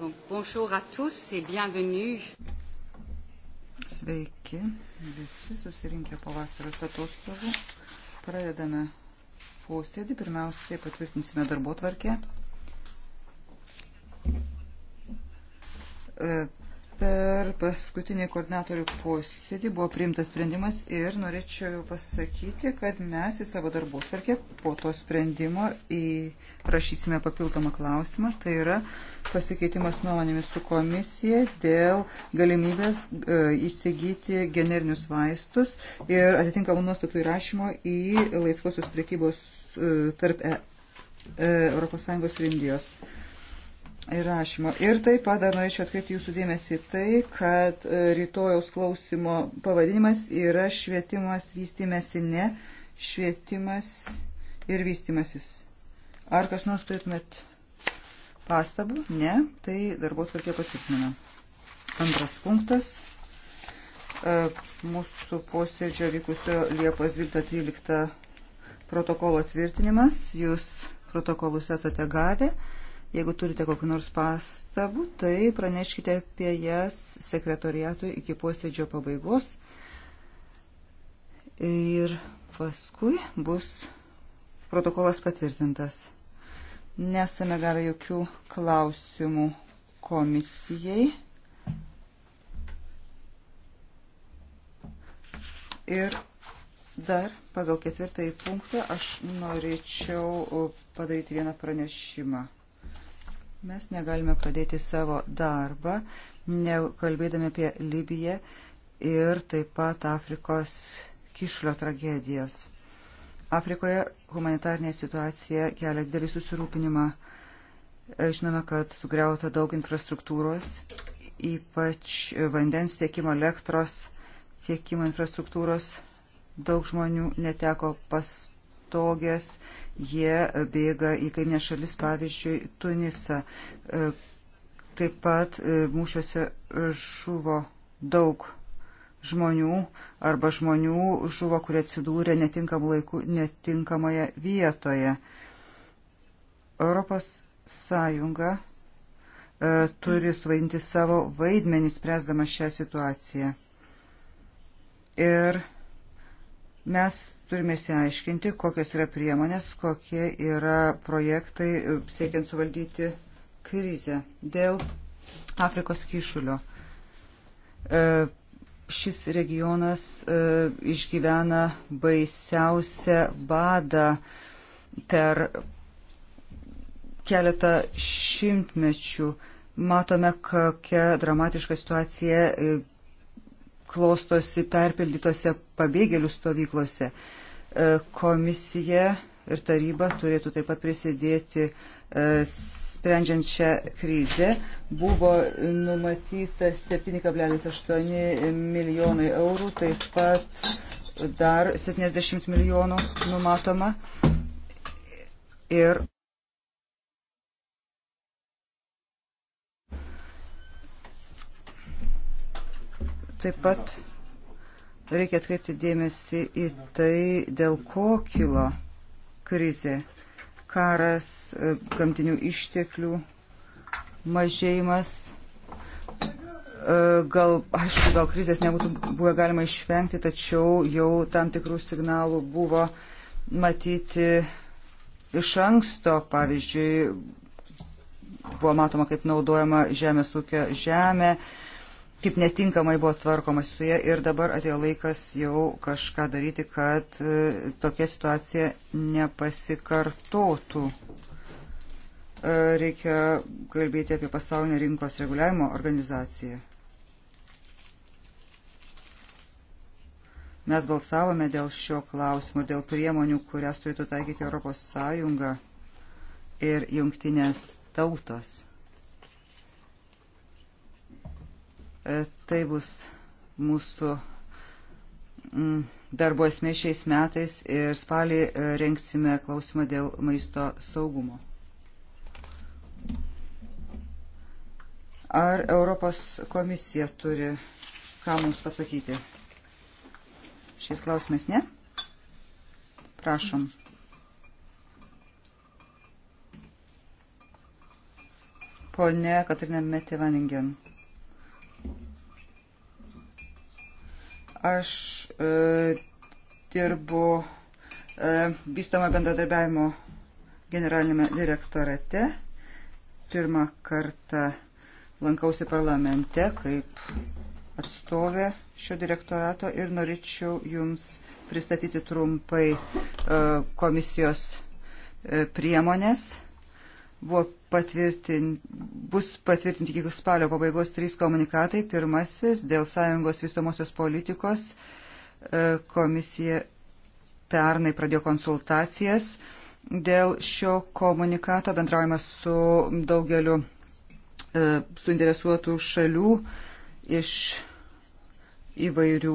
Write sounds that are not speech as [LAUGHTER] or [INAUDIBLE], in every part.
Donc, bonjour à tous et bienvenue. Sveiki, visi susirinkę po vasaros atostogų. Pradedame posėdį. Pirmiausiai patvirtinsime darbo tvarkę. E, per paskutinį koordinatorių posėdį buvo priimtas sprendimas ir norėčiau pasakyti, kad mes į savo darbo tvarkę po to sprendimo į prašysime papildomą klausimą, tai yra pasikeitimas nuomonėmis su komisija dėl galimybės e, įsigyti generinius vaistus ir atitinkamų nuostatų įrašymo į laisvosios prekybos e, tarp ES e, ir Indijos įrašymo. Ir taip pat dar norėčiau atkreipti jūsų dėmesį tai, kad rytojaus klausimo pavadinimas yra švietimas vystymėsi ne, švietimas ir vystymasis. Ar kas nors turėtumėt pastabų? Ne, tai darbo tvarkė patvirtinama. Antras punktas e, mūsų posėdžio vykusio Liepos 12-13 protokolo tvirtinimas. Jūs protokolus esate gavę. Jeigu turite kokiu nors pastabų, tai praneškite apie jas sekretoriatui iki posėdžio pabaigos. Ir paskui bus protokolas patvirtintas. Nesame gavę jokių klausimų komisijai. Ir dar pagal ketvirtąjį punktą aš norėčiau padaryti vieną pranešimą. Mes negalime pradėti savo darbą, nekalbėdami apie Libiją ir taip pat Afrikos kišlio tragedijas. Afrikoje humanitarnė situacija kelia didelį susirūpinimą. E, žinome, kad sugriauta daug infrastruktūros, ypač vandens tiekimo, elektros tiekimo infrastruktūros. Daug žmonių neteko pastogės, jie bėga į kaiminę šalis, pavyzdžiui, Tunisą. E, taip pat e, mūšiuose žuvo daug žmonių arba žmonių žuvo, kurie atsidūrė netinkam laiku, netinkamoje vietoje. Europos Sąjunga e, turi suvaidinti savo vaidmenį spręsdama šią situaciją. Ir mes turime įsiaiškinti, kokios yra priemonės, kokie yra projektai e, siekiant suvaldyti krizę dėl Afrikos kišulio. E, šis regionas e, išgyvena baisiausią badą per keletą šimtmečių. Matome, kokia dramatiška situacija e, klostosi perpildytose pabėgėlių stovyklose. E, komisija ir taryba turėtų taip pat prisidėti sprendžiant šią krizę buvo numatyta 7,8 milijonai eurų, taip pat dar 70 milijonų numatoma. Ir taip pat reikia atkreipti dėmesį į tai, dėl ko kilo krizė karas, e, gamtinių išteklių mažėjimas. E, gal, aišku, gal krizės nebūtų buvę galima išvengti, tačiau jau tam tikrų signalų buvo matyti iš anksto, pavyzdžiui, buvo matoma, kaip naudojama žemės ūkio žemė, žemė kaip netinkamai buvo tvarkomas su jie ir dabar atėjo laikas jau kažką daryti, kad e, tokia situacija nepasikartotų. E, reikia kalbėti apie pasaulinę rinkos reguliavimo organizaciją. Mes balsavome dėl šio klausimo, dėl priemonių, kurias turėtų taikyti ES ir jungtinės tautos. E, tai bus mūsų mm, darbo esmė šiais metais ir spalį e, rengsime klausimą dėl maisto saugumo. Ar Europos komisija turi ką mums pasakyti? Šiais klausimais ne? Prašom. Pone Katrina Metė Vaningen. Aš e, dirbu e, vystoma bendradarbiavimo generalinėme direktorate. Pirmą kartą lankausi parlamente kaip atstovė šio direktorato ir norėčiau Jums pristatyti trumpai e, komisijos e, priemonės buvo patvirtinti, bus patvirtinti iki spalio pabaigos trys komunikatai. Pirmasis dėl sąjungos vystomosios politikos e, komisija pernai pradėjo konsultacijas. Dėl šio komunikato bendraujama su daugeliu e, suinteresuotų šalių iš įvairių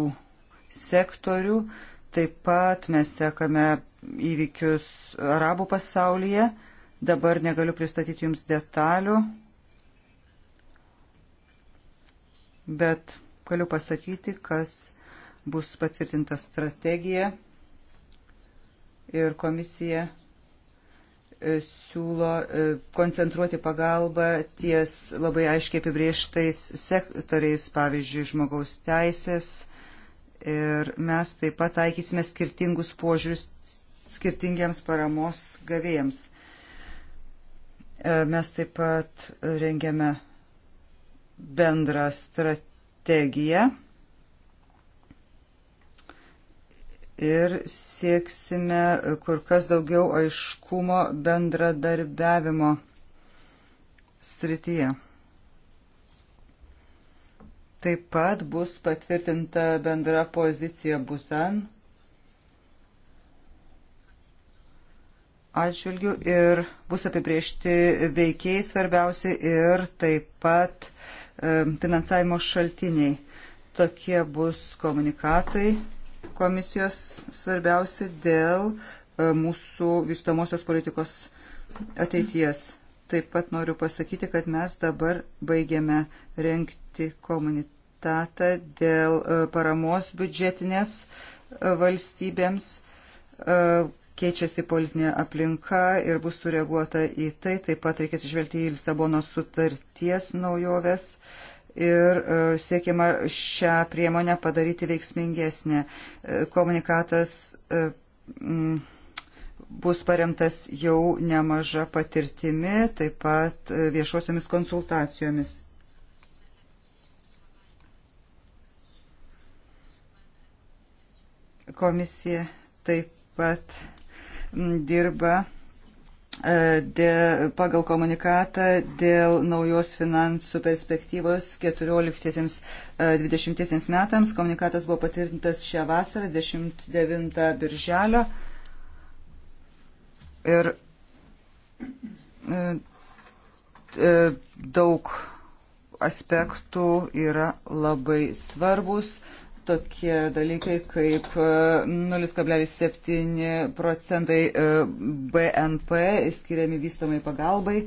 sektorių. Taip pat mes sekame įvykius arabų pasaulyje. Dabar negaliu pristatyti jums detalių, bet galiu pasakyti, kas bus patvirtinta strategija ir komisija e, siūlo e, koncentruoti pagalbą ties labai aiškiai apibrieštais sektoriais, pavyzdžiui, žmogaus teisės. Ir mes taip pat taikysime skirtingus požiūrius skirtingiems paramos gavėjams. E, mes taip pat rengiame bendrą strategiją ir sieksime kur kas daugiau aiškumo bendradarbiavimo srityje. Taip pat bus patvirtinta bendra pozicija Busan atžvilgių ir bus apibriežti veikiai svarbiausi ir taip pat e, finansavimo šaltiniai. Tokie bus komunikatai komisijos svarbiausi dėl e, mūsų vystomosios politikos ateities. Taip pat noriu pasakyti, kad mes dabar baigiame renkti komunitatą dėl e, paramos biudžetinės valstybėms keičiasi politinė aplinka ir bus sureaguota į tai. Taip pat reikės išvelgti į Lisabonos sutarties naujoves ir e, siekiama šią priemonę padaryti veiksmingesnė. E, komunikatas e, bus paremtas jau nemaža patirtimi, taip pat viešuosiamis konsultacijomis. Komisija taip pat dirba e, dėl, pagal komunikatą dėl naujos finansų perspektyvos 14-20 e, metams. Komunikatas buvo patvirtintas šią vasarą, 29 birželio. Ir e, daug aspektų yra labai svarbus tokie dalykai kaip 0,7 e, procentai e, BNP skiriami vystomai pagalbai.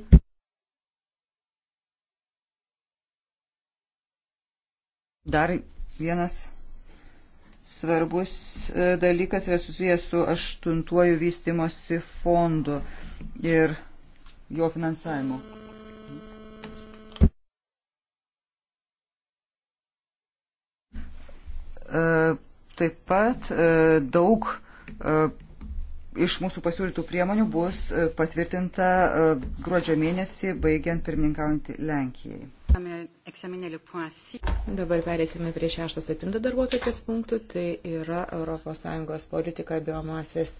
Dar vienas svarbus e, dalykas yra susijęs su aštuntuoju vystimosi fondu ir jo finansavimu. E, taip pat e, daug e, iš mūsų pasiūlytų priemonių bus patvirtinta gruodžio mėnesį, baigiant pirmininkaujantį Lenkijai. Dabar perėsime prie 6-7 darbuotojas punktų, tai yra ES politika biomasės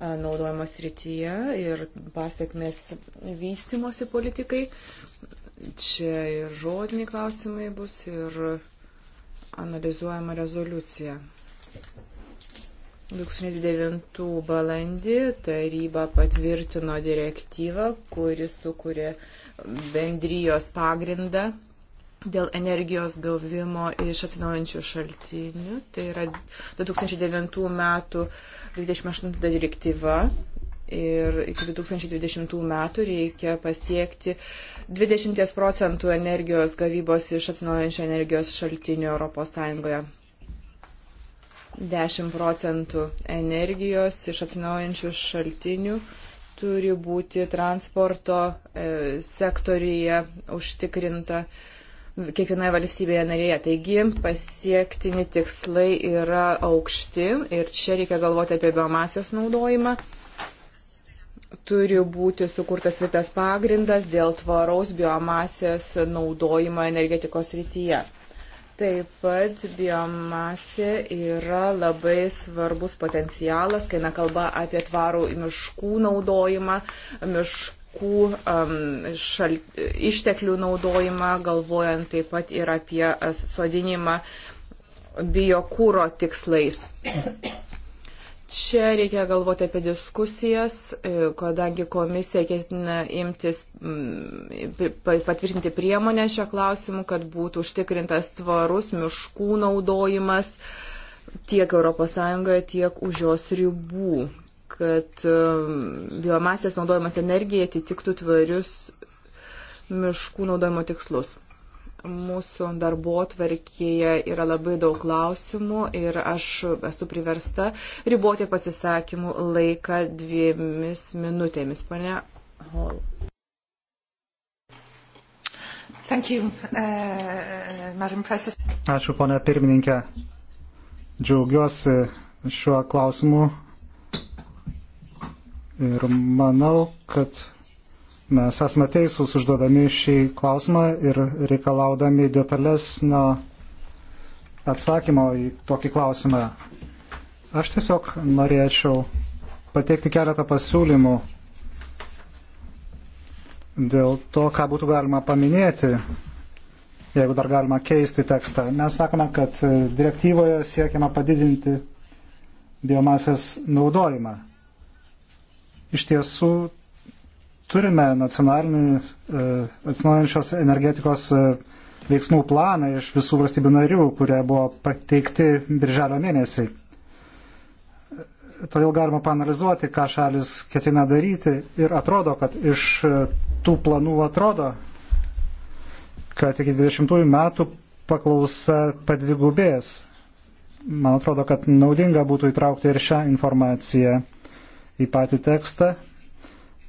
naudojimo srityje ir pasiekmes vystimosi politikai. Čia ir žodiniai klausimai bus, ir analizuojama rezoliucija. 2009 balandį taryba patvirtino direktyvą, kuris sukūrė bendrijos pagrindą dėl energijos gavimo iš atsinaujančių šaltinių. Tai yra 2009 metų 28 direktyva ir iki 2020 metų reikia pasiekti 20 procentų energijos gavybos iš atsinaujančio energijos šaltinių ES. 10 procentų energijos iš atsinaujančių šaltinių turi būti transporto e, sektorija užtikrinta kiekvienoje valstybėje narėje. Taigi pasiektini tikslai yra aukšti ir čia reikia galvoti apie biomasės naudojimą turi būti sukurtas tvirtas pagrindas dėl tvaraus biomasės naudojimo energetikos rytyje. Taip pat biomasė yra labai svarbus potencialas, kai na kalba apie tvarų miškų naudojimą, miškų um, šal, išteklių naudojimą, galvojant taip pat ir apie uh, sodinimą biokūro tikslais. Čia reikia galvoti apie diskusijas, e, kadangi komisija ketina imtis mm, patvirtinti priemonę šio klausimu, kad būtų užtikrintas tvarus miškų naudojimas tiek ES, tiek už jos ribų, kad e, biomasės naudojimas energija atitiktų tvarius miškų naudojimo tikslus. Mūsų darbo tvarkėje yra labai daug klausimų ir aš esu priversta riboti pasisakymų laiką dviemis minutėmis. Pane Hall. Uh, Ačiū, ponė pirmininkė. Džiaugiuosi šiuo klausimu ir manau, kad mes esame teisūs užduodami šį klausimą ir reikalaudami detalesnio atsakymo į tokį klausimą. Aš tiesiog norėčiau pateikti keletą pasiūlymų dėl to, ką būtų galima paminėti, jeigu dar galima keisti tekstą. Mes sakome, kad direktyvoje siekiama padidinti biomasės naudojimą. Iš tiesų, turime nacionalinį e, atsinaujančios energetikos e, veiksmų planą iš visų valstybių narių, kurie buvo pateikti birželio mėnesį. Todėl galima panalizuoti, ką šalis ketina daryti ir atrodo, kad iš e, tų planų atrodo, kad iki 20 metų paklausa padvigubės. Man atrodo, kad naudinga būtų įtraukti ir šią informaciją į patį tekstą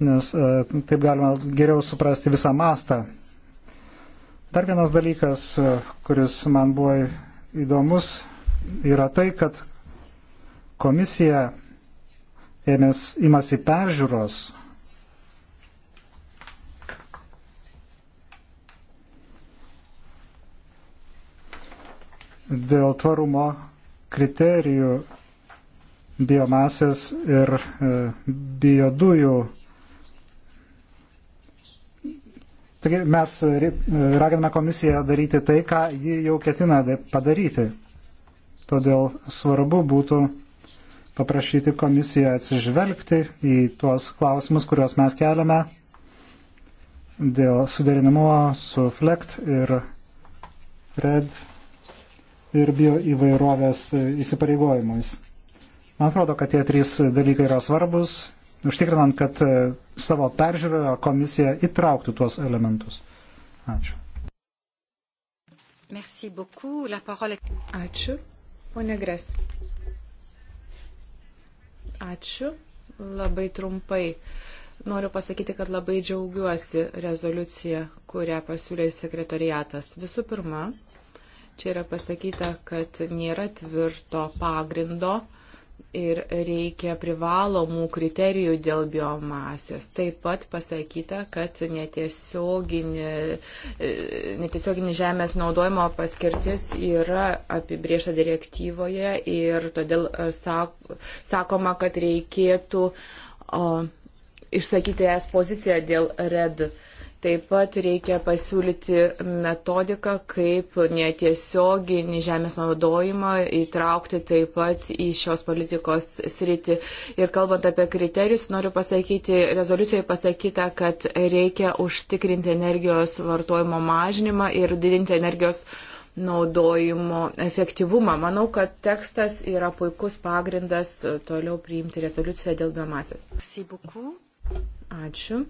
nes e, taip galima geriau suprasti visą mastą. Dar vienas dalykas, e, kuris man buvo įdomus, yra tai, kad komisija ėmės, imasi peržiūros dėl tvarumo kriterijų biomasės ir e, biodujų Taigi mes e, e, raginame komisiją daryti tai, ką ji jau ketina padaryti. Todėl svarbu būtų paprašyti komisiją atsižvelgti į tuos klausimus, kuriuos mes keliame dėl suderinamumo su FLECT ir RED ir bio įvairovės įsipareigojimais. Man atrodo, kad tie trys dalykai yra svarbus užtikrinant, kad e, savo peržiūroje komisija įtrauktų tuos elementus. Ačiū. Merci beaucoup. La parole est... Ačiū. Pone Gres. Ačiū. Labai trumpai. Noriu pasakyti, kad labai džiaugiuosi rezoliuciją, kurią pasiūlė sekretariatas. Visų pirma, čia yra pasakyta, kad nėra tvirto pagrindo uh, ir reikia privalomų kriterijų dėl biomasės. Taip pat pasakyta, kad netiesioginė, e, netiesioginė žemės naudojimo paskirtis yra apibriešta direktyvoje ir todėl e, sakoma, kad reikėtų o, išsakyti es poziciją dėl RED. Taip pat reikia pasiūlyti metodiką, kaip netiesioginį žemės naudojimą įtraukti taip pat į šios politikos sritį. Ir kalbant apie kriterijus, noriu pasakyti, rezoliucijoje pasakyta, kad reikia užtikrinti energijos vartojimo mažinimą ir didinti energijos naudojimo efektyvumą. Manau, kad tekstas yra puikus pagrindas toliau priimti rezoliuciją dėl biomasės. Ačiū.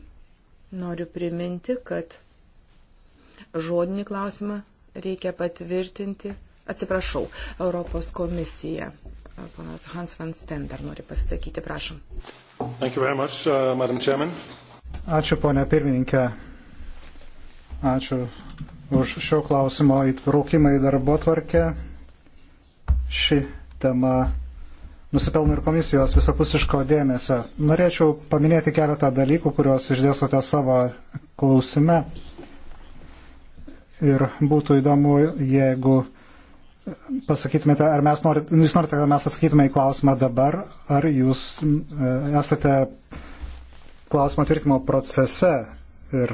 Noriu priminti, kad žodinį klausimą reikia patvirtinti. Atsiprašau, Europos komisija. Ponas Hans van Sten dar nori pasisakyti, prašom. Much, uh, Ačiū, ponia pirmininkė. Ačiū už šio klausimo įtraukimą į darbo tvarkę. Ši tema nusipelno ir komisijos visapusiško dėmesio. Norėčiau paminėti keletą dalykų, kuriuos išdėsote savo klausime. Ir būtų įdomu, jeigu pasakytumėte, ar mes norite, nu, jūs norite, kad mes atsakytume į klausimą dabar, ar jūs e, esate klausimo tvirtimo procese ir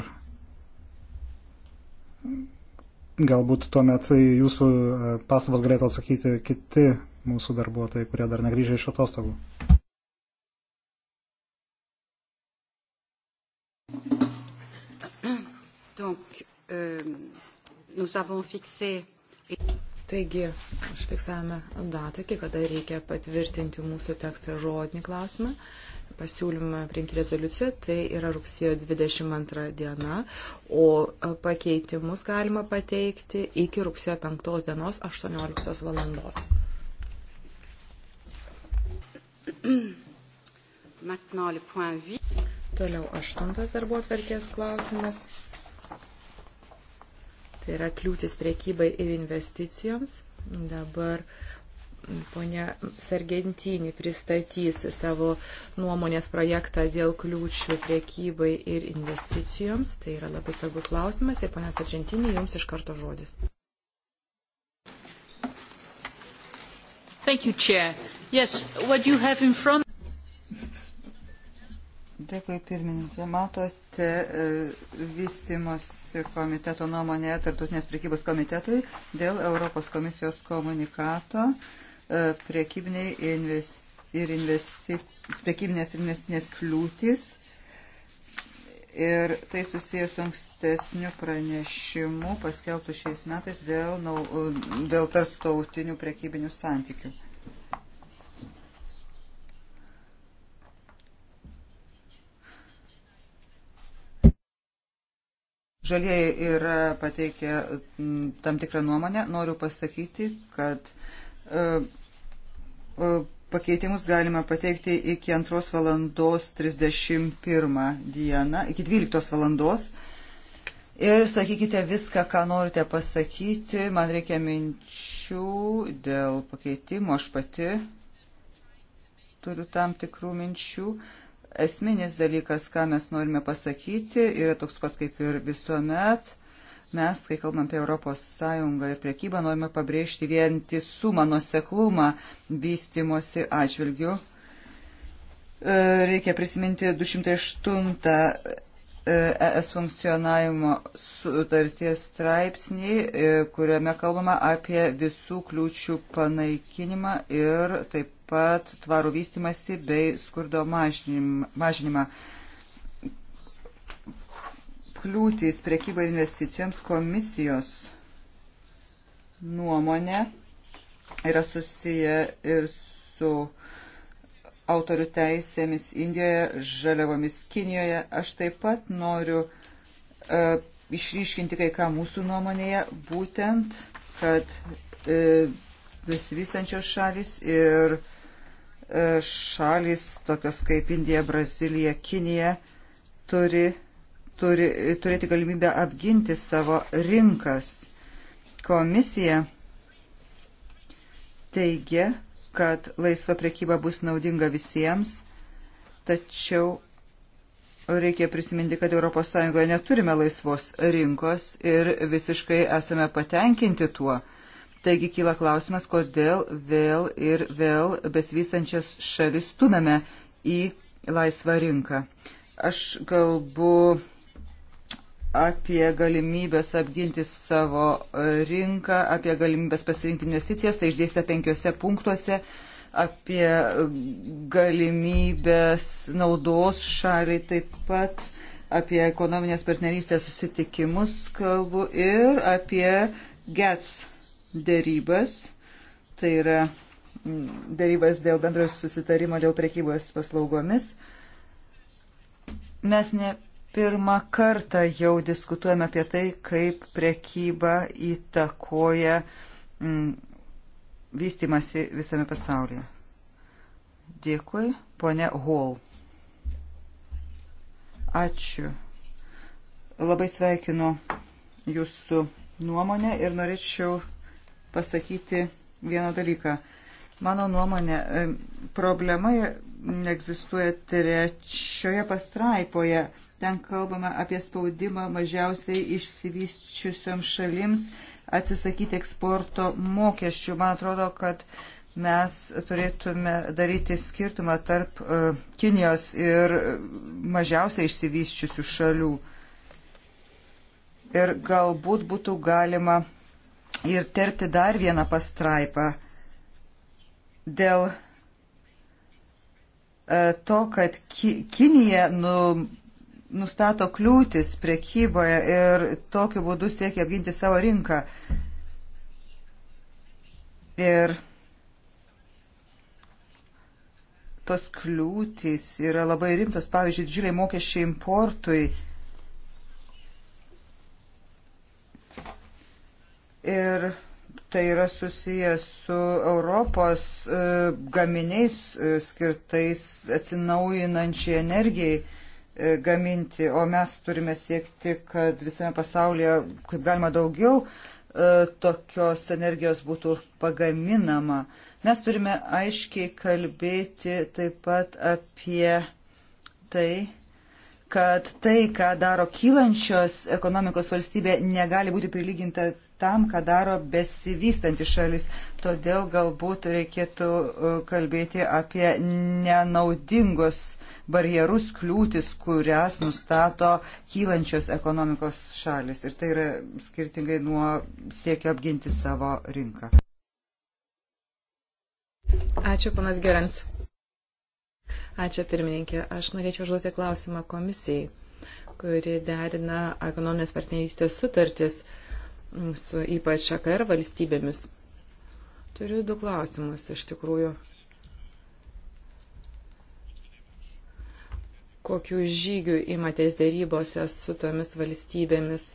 galbūt tuomet jūsų e, pastabas galėtų atsakyti kiti mūsų darbuotojai, kurie dar negryžė iš atostogų. Donc, euh, nous avons fixé... Taigi, užfiksavome datą, iki kada reikia patvirtinti mūsų tekstą žodinį klausimą pasiūlymą priimti rezoliuciją, tai yra rugsėjo 22 diena, o e, pakeitimus galima pateikti iki rugsėjo 5 dienos 18 valandos. [CLEARS THROAT] Toliau aštuntas darbo atverkės klausimas. Tai yra kliūtis priekybai ir investicijoms. Dabar ponia Sargentinį pristatys savo nuomonės projektą dėl kliūčių priekybai ir investicijoms. Tai yra labai svarbus klausimas ir ponia Sargentinį jums iš karto žodis. Thank you, Chair. Yes, Dėkui pirmininkė. Matote e, vystimosi komiteto nuomonę Tartutinės priekybos komitetui dėl Europos komisijos komunikato e, priekybiniai investi ir investi priekybinės ir investinės kliūtis. Ir tai susijęs su ankstesniu pranešimu paskelbtų šiais metais dėl, dėl tarptautinių priekybinių santykių. Žalieji yra pateikę mm, tam tikrą nuomonę. Noriu pasakyti, kad e, e, pakeitimus galima pateikti iki 2 valandos 31 dieną, iki 12 valandos. Ir sakykite viską, ką norite pasakyti. Man reikia minčių dėl pakeitimo. Aš pati turiu tam tikrų minčių. Uh, Esminis dalykas, ką mes norime pasakyti, yra toks pat kaip ir visuomet. Mes, kai kalbam apie Europos Sąjungą ir priekybą, norime pabrėžti vientisumą, nuoseklumą vystimosi atžvilgių. E, reikia prisiminti 208 ES e funkcionavimo sutarties straipsnį, e, kuriame kalbama apie visų kliūčių panaikinimą ir taip pat tvarų vystimasi bei skurdo mažinimą. Kliūtis prekybai investicijoms komisijos nuomonė yra susiję ir su autorių teisėmis Indijoje, žaliavomis Kinijoje. Aš taip pat noriu e, išryškinti kai ką mūsų nuomonėje, būtent, kad e, besivystančios šalis ir e, E, šalis, tokios kaip Indija, Brazilija, Kinija, turi, turi turėti galimybę apginti savo rinkas. Komisija teigia, kad laisva prekyba bus naudinga visiems, tačiau reikia prisiminti, kad ES neturime laisvos rinkos ir visiškai esame patenkinti tuo. Taigi kyla klausimas, kodėl vėl ir vėl besivystančias šalis stumėme į laisvą rinką. Aš kalbu apie galimybės apginti savo rinką, apie galimybės pasirinkti investicijas, tai išdėstė penkiuose punktuose, apie galimybės naudos šaliai taip pat, apie ekonominės partnerystės susitikimus kalbu ir apie GETS dėrybas, tai yra dėrybas dėl bendros susitarimo dėl prekybos paslaugomis. Mes ne pirmą kartą jau diskutuojame apie tai, kaip prekyba įtakoja mm, vystimasi visame pasaulyje. Dėkui, ponė Hall. Ačiū. Labai sveikinu jūsų nuomonę ir norėčiau pasakyti vieną dalyką. Mano nuomonė, e, problema egzistuoja trečioje pastraipoje. Ten kalbame apie spaudimą mažiausiai išsivysčiusiom šalims atsisakyti eksporto mokesčių. Man atrodo, kad mes turėtume daryti skirtumą tarp e, Kinijos ir mažiausiai išsivysčiusių šalių. Ir galbūt būtų galima ir terpti dar vieną pastraipą dėl e, to, kad ki Kinija nu, nustato kliūtis prekyboje ir tokiu būdu siekia apginti savo rinką. Ir tos kliūtis yra labai rimtos, pavyzdžiui, didžiuliai mokesčiai importui ir tai yra susijęs su Europos e, gaminiais e, skirtais atsinaujinančiai energijai e, gaminti, o mes turime siekti, kad visame pasaulyje kaip galima daugiau tokios energijos būtų pagaminama. Mes turime aiškiai kalbėti taip pat apie tai, kad tai, ką daro kylančios ekonomikos valstybė, negali būti prilyginta tam, ką daro besivystanti šalis. Todėl galbūt reikėtų e, kalbėti apie nenaudingus barjerus, kliūtis, kurias nustato kylančios ekonomikos šalis. Ir tai yra skirtingai nuo siekio apginti savo rinką. Ačiū, panas Gerans. Ačiū, pirmininkė. Aš norėčiau užduoti klausimą komisijai, kuri derina ekonominės partnerystės sutartis. Uh, su ypač AKR valstybėmis. Turiu du klausimus iš tikrųjų. Kokių žygių įmatės dėrybose su tomis valstybėmis?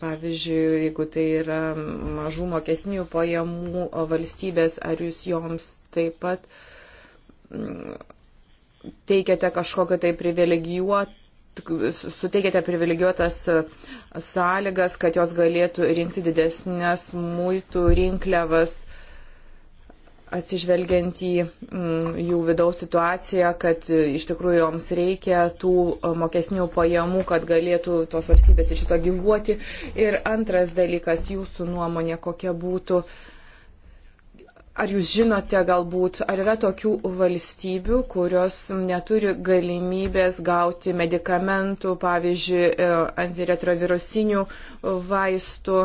Pavyzdžiui, jeigu tai yra mažų mokesnių pajamų valstybės, ar jūs joms taip pat mm, teikiate kažkokią tai privilegijuotą suteikėte privilegiuotas e, sąlygas, kad jos galėtų rinkti didesnės muitų rinkliavas atsižvelgiant į mm, jų vidaus situaciją, kad e, iš tikrųjų joms reikia tų e, mokesnių pajamų, kad galėtų tos valstybės iš šito gyvuoti. Ir antras dalykas, jūsų nuomonė, kokia būtų uh, Ar jūs žinote galbūt, ar yra tokių valstybių, kurios neturi galimybės gauti medikamentų, pavyzdžiui, e, antiretrovirusinių vaistų,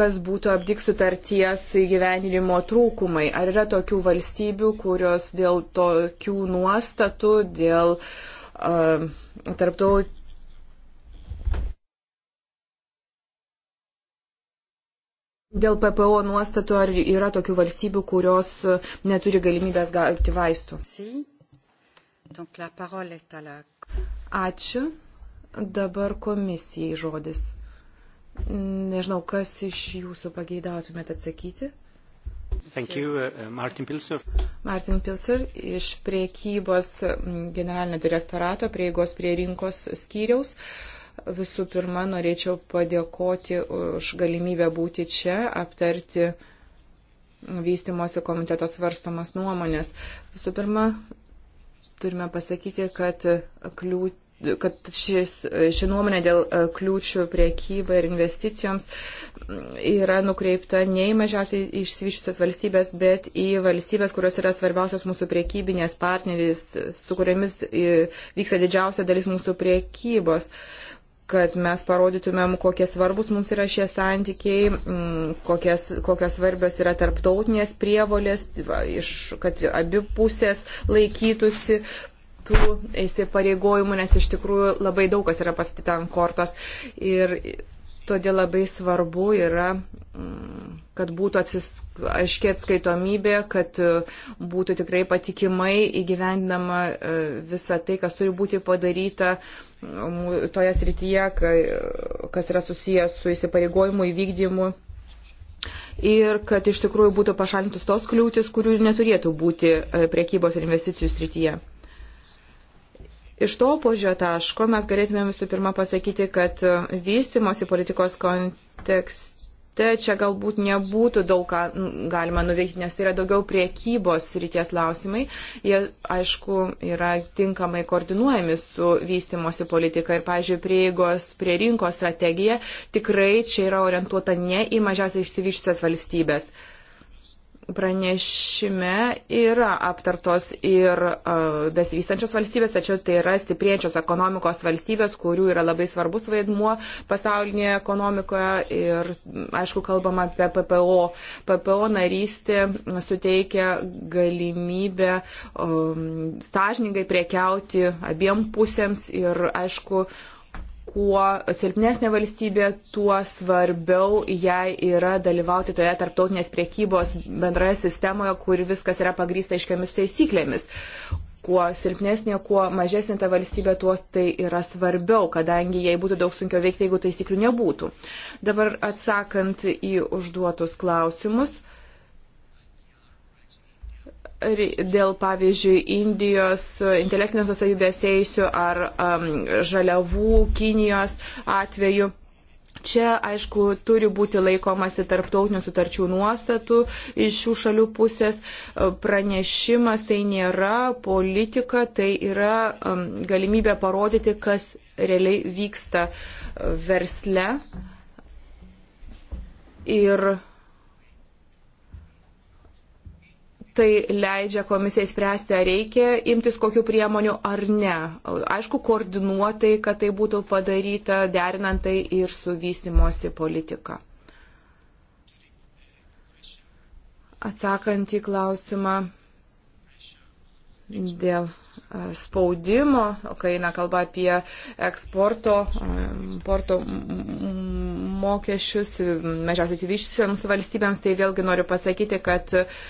kas būtų apdik sutarties įgyvenimo trūkumai? Ar yra tokių valstybių, kurios dėl tokių nuostatų, dėl uh, e, tarptautinių Dėl PPO nuostatų ar yra tokių valstybių, kurios e, neturi galimybės gauti vaistų? Ačiū. Dabar komisijai žodis. Nežinau, kas iš jūsų pageidautumėt atsakyti. Thank you, uh, uh Martin Pilser. Martin Pilser iš priekybos mm, generalinio direktorato prieigos prie rinkos skyriaus. Uh, Visų pirma, norėčiau padėkoti už galimybę būti čia, aptarti vystimosi komiteto svarstomas nuomonės. Visų pirma, turime pasakyti, kad kliūtis kad šis, ši nuomonė dėl e, kliūčių priekybai ir investicijoms mm, yra nukreipta ne į mažiausiai išsivyščiusias valstybės, bet į valstybės, kurios yra svarbiausios mūsų priekybinės partneris, su kuriamis e, vyksta didžiausia dalis mūsų priekybos kad mes parodytumėm, kokie svarbus mums yra šie santykiai, mm, kokias, kokios svarbios yra tarptautinės prievolės, iš, kad abi pusės laikytųsi tų įsipareigojimų, nes iš tikrųjų labai daug kas yra pastatyta ant kortos. Ir Todėl labai svarbu yra, mm, kad būtų atsis, aiškiai atskaitomybė, kad e, būtų tikrai patikimai įgyvendinama e, visa tai, kas turi būti padaryta mm, toje srityje, kas yra susijęs su įsipareigojimu įvykdymu. Ir kad iš tikrųjų būtų pašalintos tos kliūtis, kurių neturėtų būti e, priekybos ir investicijų srityje. Iš to požio taško mes galėtume visų pirma pasakyti, kad e, vystimosi politikos kontekste čia galbūt nebūtų daug ką galima nuveikti, nes tai yra daugiau priekybos ryties klausimai. Jie, aišku, yra tinkamai koordinuojami su vystimosi politika ir, pažiūrėjau, prieigos prie rinkos strategija tikrai čia yra orientuota ne į mažiausiai išsivyščiusias valstybės pranešime yra aptartos ir e, besivystančios valstybės, tačiau tai yra stipriečios ekonomikos valstybės, kurių yra labai svarbus vaidmuo pasaulinėje ekonomikoje ir, aišku, kalbama apie PPO. PPO narystė suteikia galimybę um, sąžiningai priekiauti abiem pusėms ir, aišku, um, kuo silpnesnė valstybė, tuo svarbiau jai yra dalyvauti toje tarptautinės priekybos bendroje sistemoje, kur viskas yra pagrįsta iškiamis taisyklėmis. Kuo silpnesnė, kuo mažesnė ta valstybė, tuo tai yra svarbiau, kadangi jai būtų daug sunkiau veikti, jeigu taisyklių nebūtų. Dabar atsakant į užduotus klausimus dėl, pavyzdžiui, Indijos e, intelektinės nusavybės teisių ar um, žaliavų Kinijos atveju. Čia, aišku, turi būti laikomasi tarptautinių sutarčių nuostatų iš šių šalių pusės. E, pranešimas tai nėra politika, tai yra um, galimybė parodyti, kas realiai vyksta e, versle. Ir tai leidžia komisijai spręsti, ar reikia imtis kokių priemonių ar ne. Aišku, koordinuotai, kad tai būtų padaryta, derinant tai ir su vystimosi politika. Atsakant į klausimą dėl e, spaudimo, kai eina kalba apie eksporto, e, importo mokesčius e, mažiausiai vyščiusiams valstybėms, tai vėlgi noriu pasakyti, kad uh,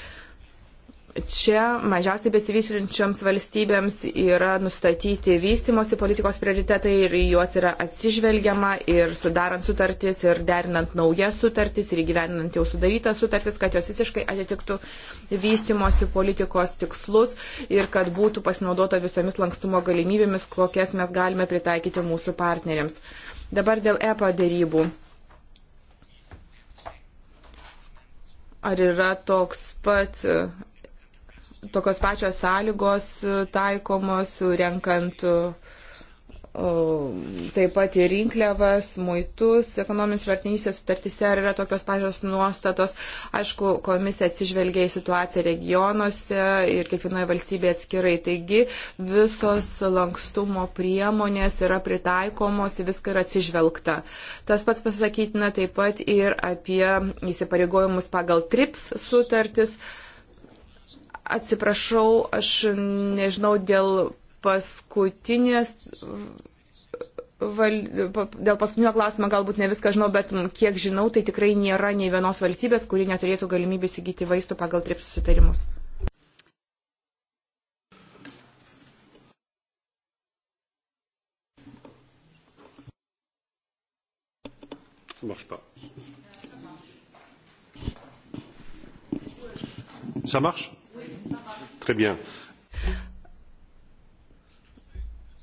Čia mažiausiai besivysiančioms valstybėms yra nustatyti vystimosi politikos prioritetai ir juos yra atsižvelgiama ir sudarant sutartis ir derinant naujas sutartis ir įgyveninant jau sudarytas sutartis, kad jos visiškai atitiktų vystimosi politikos tikslus ir kad būtų pasinaudota visomis lankstumo galimybėmis, kokias mes galime pritaikyti mūsų partneriams. Dabar dėl EPA dėrybų. ar yra toks pat tokios pačios sąlygos e, taikomos, renkant e, taip pat ir rinkliavas, muitus, ekonominis vertinysės sutartise ar yra tokios pačios nuostatos. Aišku, komisija atsižvelgia į situaciją regionuose ir kiekvienoje valstybėje atskirai. Taigi visos lankstumo priemonės yra pritaikomos, viską yra atsižvelgta. Tas pats pasakytina taip pat ir apie įsipareigojimus pagal TRIPS sutartis. Uh, Atsiprašau, aš nežinau dėl paskutinės val, dėl paskutinio klausimo galbūt ne viską žinau, bet kiek žinau, tai tikrai nėra nei vienos valstybės, kuri neturėtų galimybę įsigyti vaistų pagal trips sutarimus. Ça marche Très bien.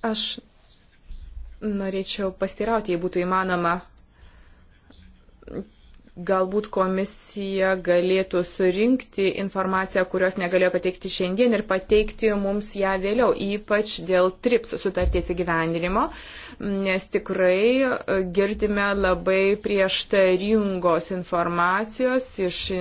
Aš norėčiau pastirauti, jei būtų įmanoma, galbūt komisija galėtų surinkti informaciją, kurios negalėjo pateikti šiandien ir pateikti mums ją vėliau, ypač dėl TRIPS sutarties įgyvendinimo. Uh, nes tikrai e, girdime labai prieštaringos informacijos iš e,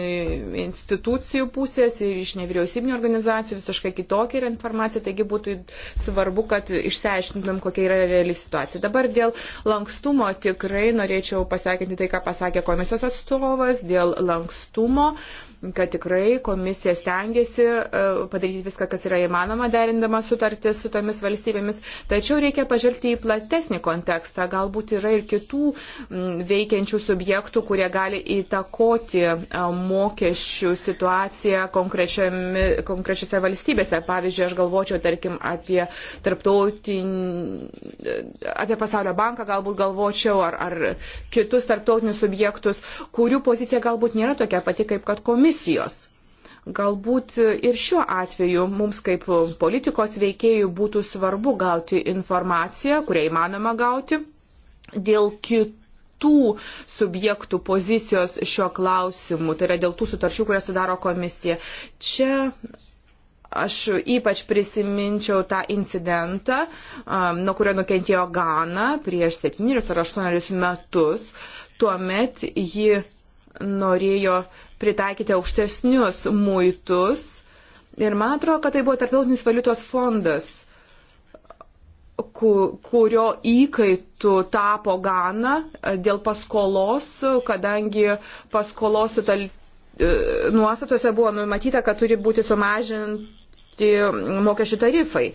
institucijų pusės ir iš nevyriausybinio organizacijų visiškai kitokia yra informacija, taigi būtų svarbu, kad išsiaiškintumėm, kokia yra reali situacija. Dabar dėl lankstumo tikrai norėčiau pasakinti tai, ką pasakė komisijos atstovas, dėl lankstumo. Uh, kad tikrai komisija stengiasi e, padaryti viską, kas yra įmanoma, derindama sutartis su tomis valstybėmis. Tačiau reikia pažvelgti į platesnį kontekstą. Galbūt yra ir kitų veikiančių subjektų, kurie gali įtakoti e, mokesčių situaciją konkrečiose valstybėse. Pavyzdžiui, aš galvočiau, tarkim, apie tarptautinį, apie pasaulio banką galbūt galvočiau, ar, ar kitus tarptautinius subjektus, kurių pozicija galbūt nėra tokia pati kaip kad komisija komisijos. Galbūt ir šiuo atveju mums kaip politikos veikėjų būtų svarbu gauti informaciją, kurią įmanoma gauti, dėl kitų subjektų pozicijos šiuo klausimu, tai yra dėl tų sutarčių, kurias sudaro komisija. Čia aš ypač prisiminčiau tą incidentą, um, nuo kurio nukentėjo Gana prieš septynerius ar aštuonerius metus. Tuomet ji norėjo pritaikyti aukštesnius muitus. Ir man atrodo, kad tai buvo Tarptautinis valiutos fondas, ku, kurio įkaitų tapo Gana e, dėl paskolos, kadangi paskolos sutal e, nuostatose buvo numatyta, kad turi būti sumažinti išaukti mokesčių tarifai.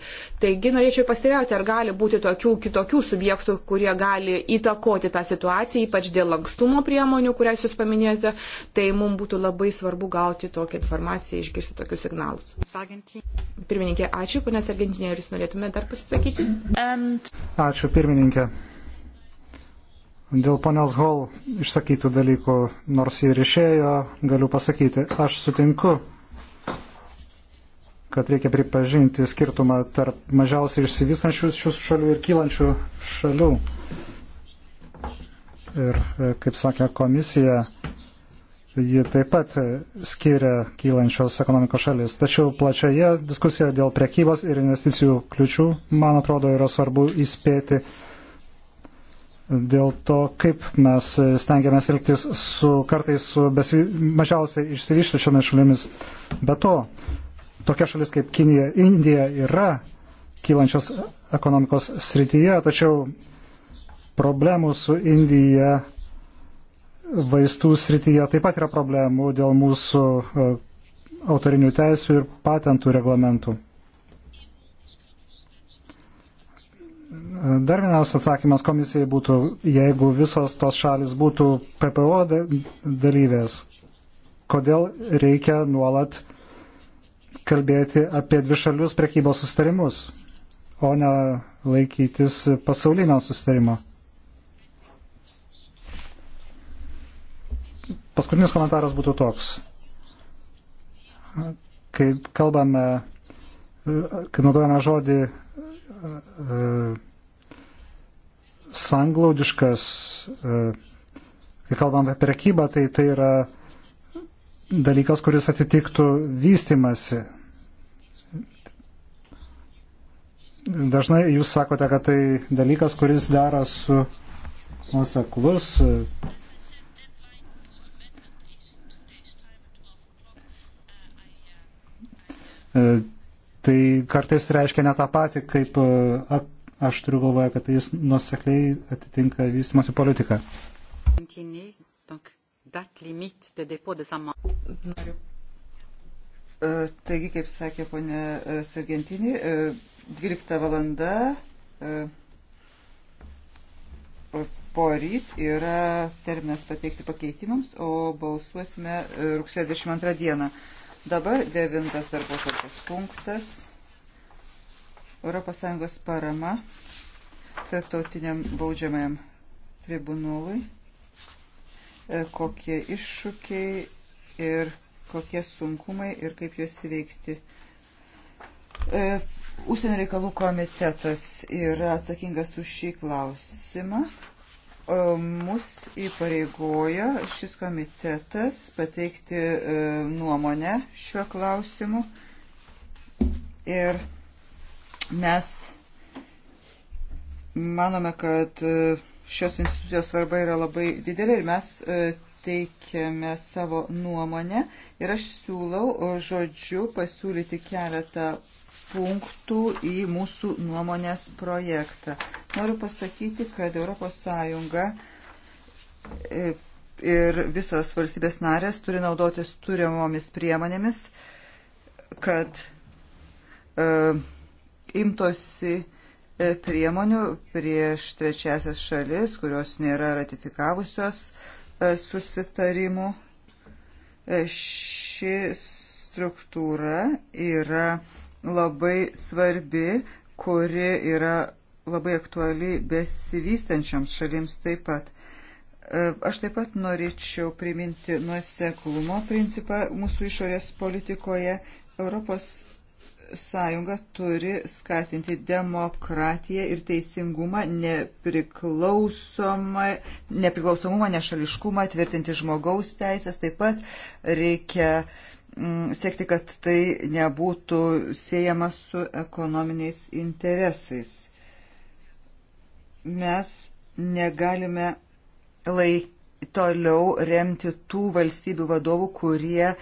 Taigi norėčiau pasiriauti, ar gali būti tokių kitokių subjektų, kurie gali įtakoti tą situaciją, ypač dėl lankstumo priemonių, kurias jūs paminėjote. Tai mums būtų labai svarbu gauti tokią informaciją, išgirsti tokius signalus. Pirmininkė, ačiū, ponės Argentinė, ar jūs norėtumėte dar pasisakyti? Um, ačiū, pirmininkė dėl ponios Hall išsakytų dalykų, nors jį ir išėjo, galiu pasakyti, aš sutinku kad reikia pripažinti skirtumą tarp mažiausiai išsivystančių šių šalių ir kylančių šalių. Ir e, kaip sakė komisija, ji taip pat skiria kylančios ekonomikos šalis. Tačiau plačioje diskusijoje dėl prekybos ir investicijų kliučių, man atrodo, yra svarbu įspėti dėl to, kaip mes stengiamės elgtis su kartais su besi, mažiausiai išsivyščiačiomis šalimis. Be to, tokia šalis kaip Kinija, Indija yra kylančios ekonomikos srityje, tačiau problemų su Indija vaistų srityje taip pat yra problemų dėl mūsų e, autorinių teisų ir patentų reglamentų. Dar vienas atsakymas komisijai būtų, jeigu visos tos šalis būtų PPO dalyvės, kodėl reikia nuolat kalbėti apie dvišalius prekybos sustarimus, o ne laikytis pasaulinio sustarimo. Paskutinis komentaras būtų toks. Kai kalbame, kai naudojame žodį sanglaudiškas, kai kalbame apie prekybą, tai tai yra dalykas, kuris atitiktų vystimasi. Dažnai jūs sakote, kad tai dalykas, kuris daro su nuoseklus. E, tai kartais reiškia ne tą patį, kaip e, aš turiu galvoje, kad jis nuosekliai atitinka vystimosi politiką. E, taigi, kaip sakė ponė Sargentinė, 12 valanda e, po ryt yra terminas pateikti pakeitimams, o balsuosime e, rugsėjo 22 dieną. Dabar devintas darbo tvarkos punktas. ES parama tarptautiniam baudžiamajam tribunolui. E, kokie iššūkiai ir kokie sunkumai ir kaip juos įveikti. Užsienio reikalų komitetas yra atsakingas už šį klausimą. Mus įpareigoja šis komitetas pateikti e, nuomonę šiuo klausimu. Ir mes manome, kad e, šios institucijos svarba yra labai didelė ir mes e, teikiame savo nuomonę ir aš siūlau žodžiu pasiūlyti keletą punktų į mūsų nuomonės projektą. Noriu pasakyti, kad ES e, ir visos valstybės narės turi naudotis turimomis priemonėmis, kad e, imtosi e, priemonių prieš trečiasias šalis, kurios nėra ratifikavusios e, E, susitarimų. E, ši struktūra yra labai svarbi, kuri yra labai aktuali besivystančioms šalims taip pat. E, aš taip pat norėčiau priminti nuoseklumo principą mūsų išorės politikoje. Europos sąjunga turi skatinti demokratiją ir teisingumą, nepriklausomumą, nešališkumą, tvirtinti žmogaus teisės. Taip pat reikia mm, siekti, kad tai nebūtų siejama su ekonominiais interesais. Mes negalime laikyti toliau remti tų valstybių vadovų, kurie e,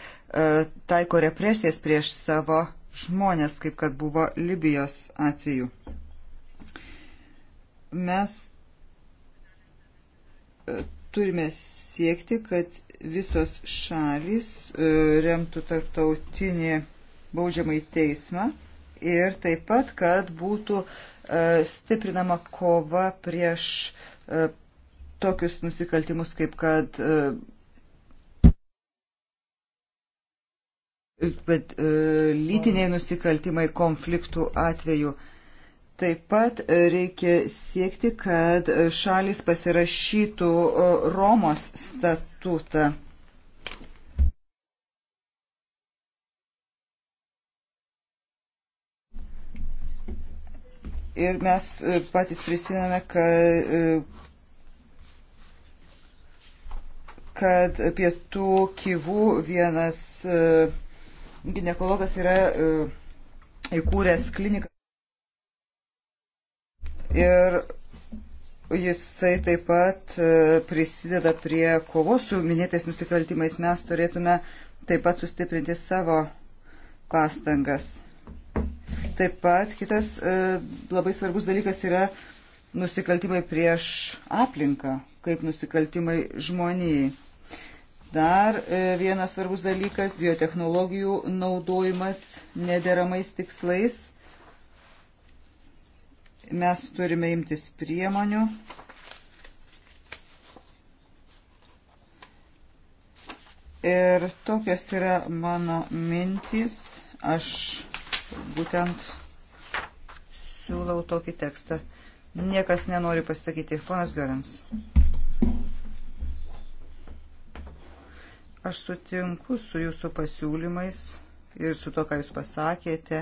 taiko represijas prieš savo žmonės, kaip kad buvo Libijos atveju. Mes e, turime siekti, kad visos šalys e, remtų tarptautinį baudžiamąjį teismą ir taip pat, kad būtų e, stiprinama kova prieš tokius nusikaltimus, kaip kad Bet e, lytiniai nusikaltimai konfliktų atveju. Taip pat e, reikia siekti, kad šalis pasirašytų e, Romos statutą. ir mes patys prisimename, kad, kad pietų kivų vienas Ginekologas yra e, įkūręs kliniką. Ir jisai taip pat e, prisideda prie kovos su minėtais nusikaltimais. Mes turėtume taip pat sustiprinti savo pastangas. Taip pat kitas e, labai svarbus dalykas yra nusikaltimai prieš aplinką, kaip nusikaltimai žmonijai. Dar e, vienas svarbus dalykas - biotehnologijų naudojimas nederamais tikslais. Mes turime imtis priemonių. Ir tokios yra mano mintys. Aš būtent siūlau tokį tekstą. Niekas nenori pasakyti. Ponas Görens. Aš sutinku su jūsų pasiūlymais ir su to, ką jūs pasakėte.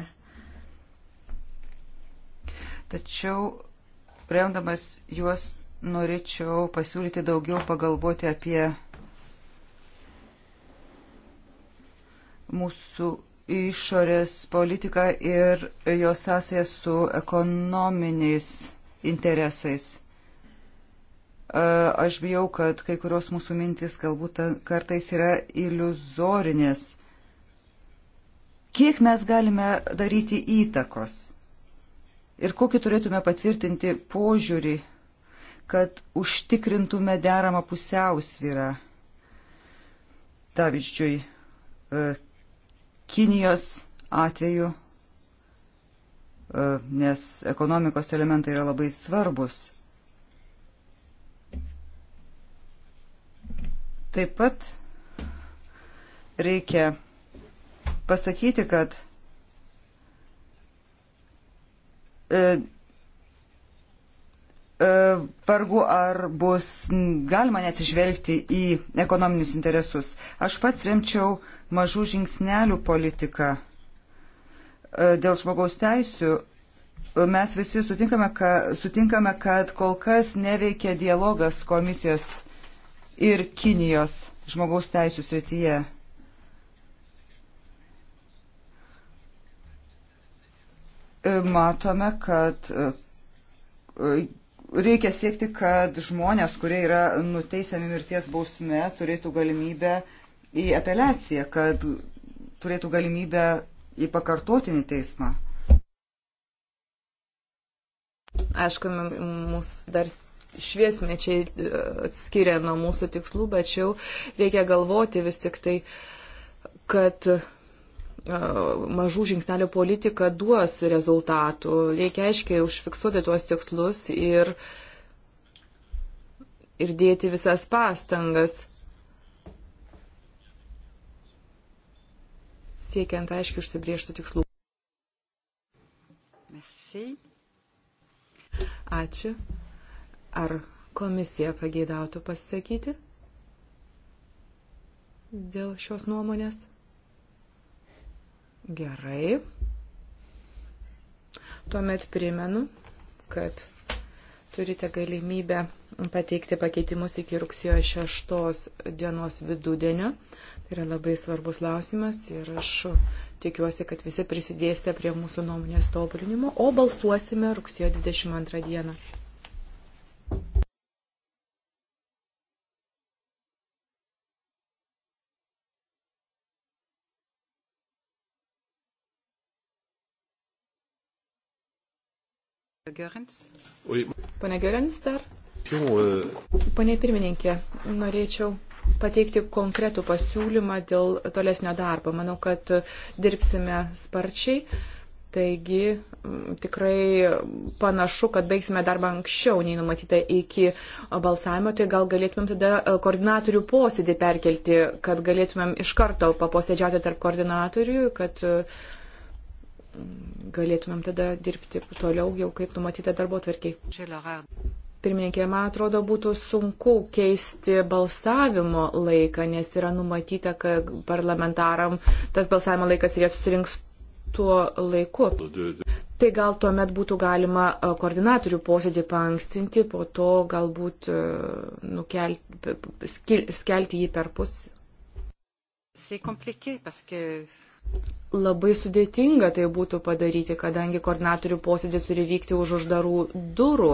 Tačiau, remdamas juos, norėčiau pasiūlyti daugiau pagalvoti apie mūsų išorės politiką ir jos sąsąją su ekonominiais interesais. Aš bijau, kad kai kurios mūsų mintis galbūt kartais yra iliuzorinės. Kiek mes galime daryti įtakos? Ir kokį turėtume patvirtinti požiūrį, kad užtikrintume deramą pusiausvyrą? Pavyzdžiui, Kinijos atveju, nes ekonomikos elementai yra labai svarbus Taip pat reikia pasakyti, kad e, e, vargu ar bus galima neatsižvelgti į ekonominius interesus. Aš pats remčiau mažų žingsnelių politiką e, dėl žmogaus teisių. Mes visi sutinkame, ka, sutinkame kad kol kas neveikia dialogas komisijos ir Kinijos žmogaus teisų srityje. E, matome, kad e, reikia siekti, kad žmonės, kurie yra nuteisiami mirties bausme, turėtų galimybę į apeliaciją, kad turėtų galimybę į pakartotinį teismą. Aišku, mums dar šviesmečiai e, skiria nuo mūsų tikslų, bet jau reikia galvoti vis tik tai, kad e, mažų žingsnelių politika duos rezultatų. Reikia aiškiai užfiksuoti tuos tikslus ir, ir dėti visas pastangas. siekiant aiškiai užsibriežtų tikslų. Merci. Ačiū. Ar komisija pageidautų pasisakyti dėl šios nuomonės? Gerai. Tuomet primenu, kad turite galimybę pateikti pakeitimus iki rugsėjo 6 dienos vidudienio. Tai yra labai svarbus klausimas ir aš tikiuosi, kad visi prisidėsite prie mūsų nuomonės tobulinimo, o balsuosime rugsėjo 22 dieną. Pane Gerens dar. Pane e, pirmininkė, norėčiau pateikti konkretų pasiūlymą dėl tolesnio darbo. Manau, kad dirbsime sparčiai. Taigi tikrai panašu, kad baigsime darbą anksčiau nei numatyta iki balsavimo, tai gal galėtumėm tada e, koordinatorių posėdį perkelti, kad galėtumėm iš karto paposėdžiauti tarp koordinatorių, kad uh, galėtumėm tada dirbti toliau jau kaip numatyta darbo tvarkiai. Pirmininkė, man atrodo, būtų sunku keisti balsavimo laiką, nes yra numatyta, kad parlamentaram tas balsavimo laikas ir jie susirinks tuo laiku. Tai gal tuomet būtų galima e, koordinatorių posėdį pankstinti, po to galbūt e, nukelti, skil, skelti jį per pus. Labai sudėtinga tai būtų padaryti, kadangi koordinatorių posėdis turi vykti už uždarų durų.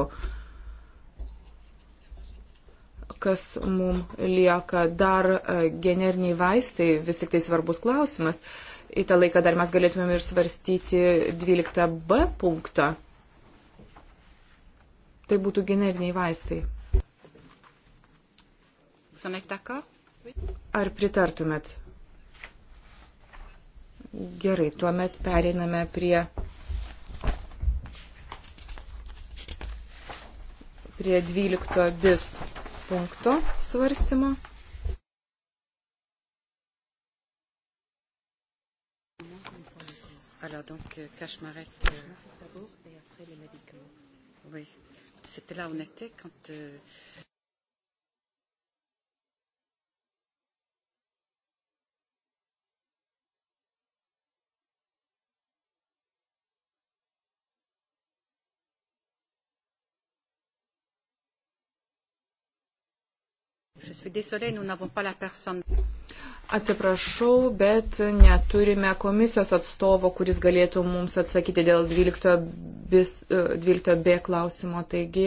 Kas mums lieka dar e, generiniai vaistai, vis tik tai svarbus klausimas. Į tą laiką dar mes galėtumėm ir svarstyti 12b punktą. Tai būtų generiniai vaistai. Ar pritartumėt? Gerai, tuomet pereiname prie, prie 12 bis punkto svarstymo. Alors donc, euh, Cachemaret. Euh... Oui, c'était là où on était quand. Euh... Atsiprašau, bet neturime komisijos atstovo, kuris galėtų mums atsakyti dėl 12, bis, 12 e, B klausimo. Taigi,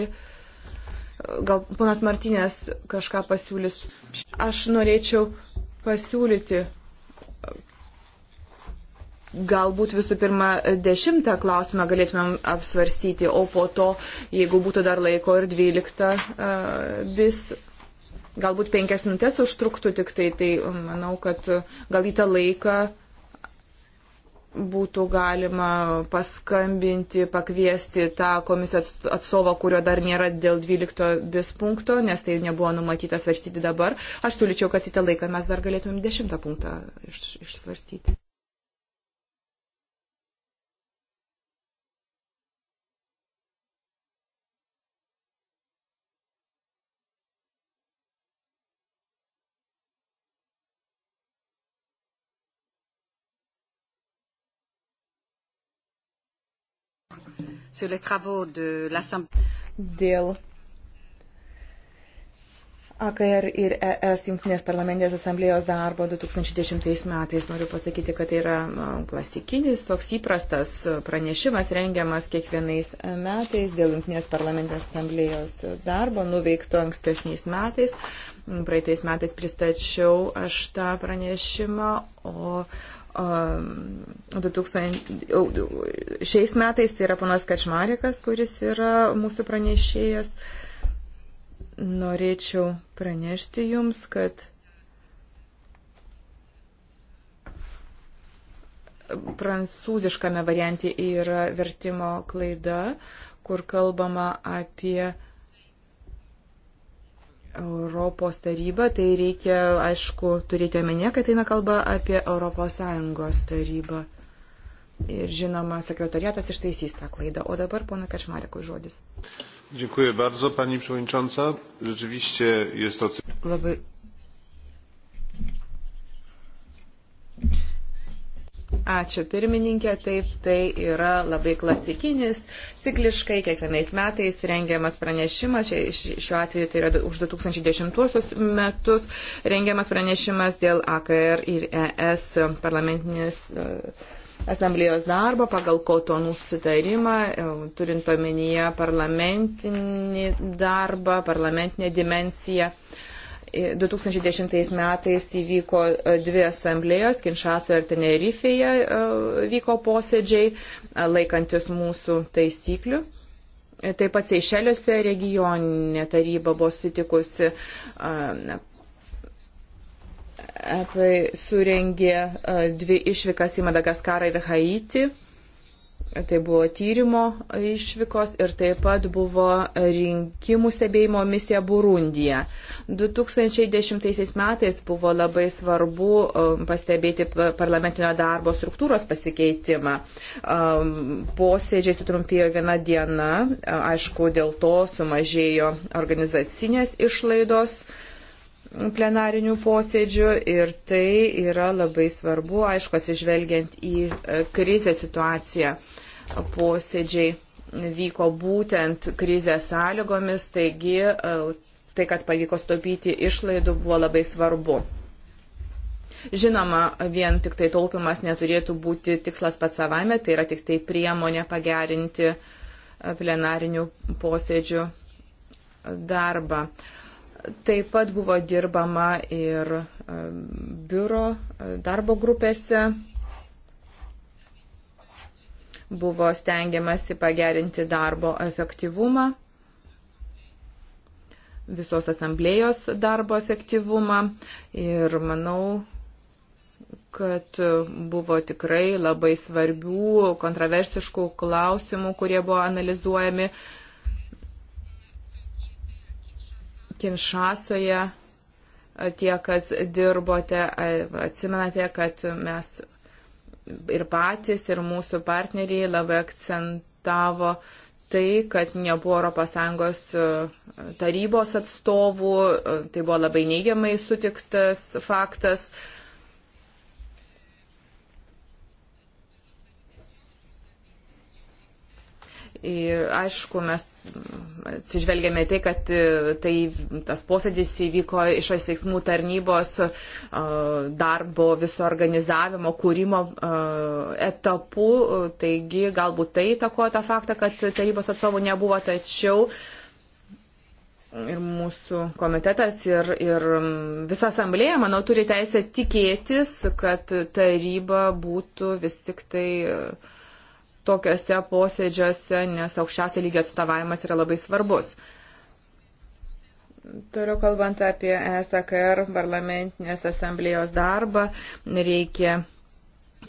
gal ponas Martinės kažką pasiūlys. Aš norėčiau pasiūlyti galbūt visų pirma dešimtą klausimą galėtumėm apsvarstyti, o po to, jeigu būtų dar laiko ir dvyliktą uh, e, vis galbūt penkias minutės užtruktų tik tai, tai um, manau, kad uh, gal į tą laiką būtų galima paskambinti, pakviesti tą komisijos atstovą, kurio dar nėra dėl 12 bis punkto, nes tai nebuvo numatyta svarstyti dabar. Aš siūlyčiau, kad į tą laiką mes dar galėtumėm 10 punktą iš, išsvarstyti. Dėl AKR ir ES Junktinės parlamentės asamblėjos darbo 2010 metais noriu pasakyti, kad tai yra klasikinis, toks įprastas pranešimas rengiamas kiekvienais metais dėl Junktinės parlamentės asamblėjos darbo nuveikto ankstesniais metais. Praeitais metais pristačiau aš tą pranešimą, o 2000, šiais metais tai yra panas Kačmarikas, kuris yra mūsų pranešėjas. Norėčiau pranešti jums, kad prancūziškame variante yra vertimo klaida, kur kalbama apie Europos tarybą, tai reikia, aišku, turėti omenyje, kad eina kalba apie ES tarybą. Ir žinoma, sekretariatas ištaisys tą klaidą. O dabar pana Kačmarekui žodis. Dziękuję bardzo, pani przewodnicząca. Rzeczywiście jest to. Labai Ačiū pirmininkė, taip, tai yra labai klasikinis, cikliškai kiekvienais metais rengiamas pranešimas, šiuo atveju tai yra už 2010 metus rengiamas pranešimas dėl AKR ir ES parlamentinės e, asamblėjos darbo pagal kotonų sutarimą, e, turint omenyje parlamentinį darbą, parlamentinę dimenciją. Uh, 2010 metais įvyko e, dvi asamblėjos, Kinšasoje ir Tenerifeje e, vyko posėdžiai, e, laikantis mūsų taisyklių. Taip pat Seišeliuose regioninė taryba buvo sutikusi surengė dvi išvykas į Madagaskarą ir Haitį Tai buvo tyrimo išvykos ir taip pat buvo rinkimų stebėjimo misija Burundija. 2010 metais buvo labai svarbu um, pastebėti parlamentinio darbo struktūros pasikeitimą. Um, posėdžiai sutrumpėjo vieną dieną, aišku, dėl to sumažėjo organizacinės išlaidos plenarinių posėdžių ir tai yra labai svarbu, aišku, atsižvelgiant į e, krizę situaciją. Uh, posėdžiai vyko būtent krizės sąlygomis, taigi e, tai, kad pavyko stopyti išlaidų, buvo labai svarbu. Žinoma, vien tik tai taupimas neturėtų būti tikslas pats savaime, tai yra tik tai priemonė pagerinti e, plenarinių posėdžių darbą. Taip pat buvo dirbama ir e, biuro darbo grupėse buvo stengiamasi pagerinti darbo efektyvumą, visos asamblėjos darbo efektyvumą ir manau, kad buvo tikrai labai svarbių kontroversiškų klausimų, kurie buvo analizuojami Kinšasoje tie, kas dirbote, atsimenate, kad mes ir patys, ir mūsų partneriai labai akcentavo tai, kad nebuvo ES e, tarybos atstovų, e, tai buvo labai neigiamai sutiktas faktas. Ir aišku, mes atsižvelgėme tai, kad e, tai, tas posėdis įvyko išorės veiksmų tarnybos e, darbo viso organizavimo, kūrimo e, etapu, taigi galbūt tai įtakojo tą faktą, kad tarybos atstovų nebuvo, tačiau ir mūsų komitetas, ir, ir visa asamblėja, manau, turi teisę tikėtis, kad taryba būtų vis tik tai uh, tokiuose posėdžiuose, nes aukščiausio lygio atstovavimas yra labai svarbus. Toliau kalbant apie SAKR parlamentinės asamblėjos darbą, reikia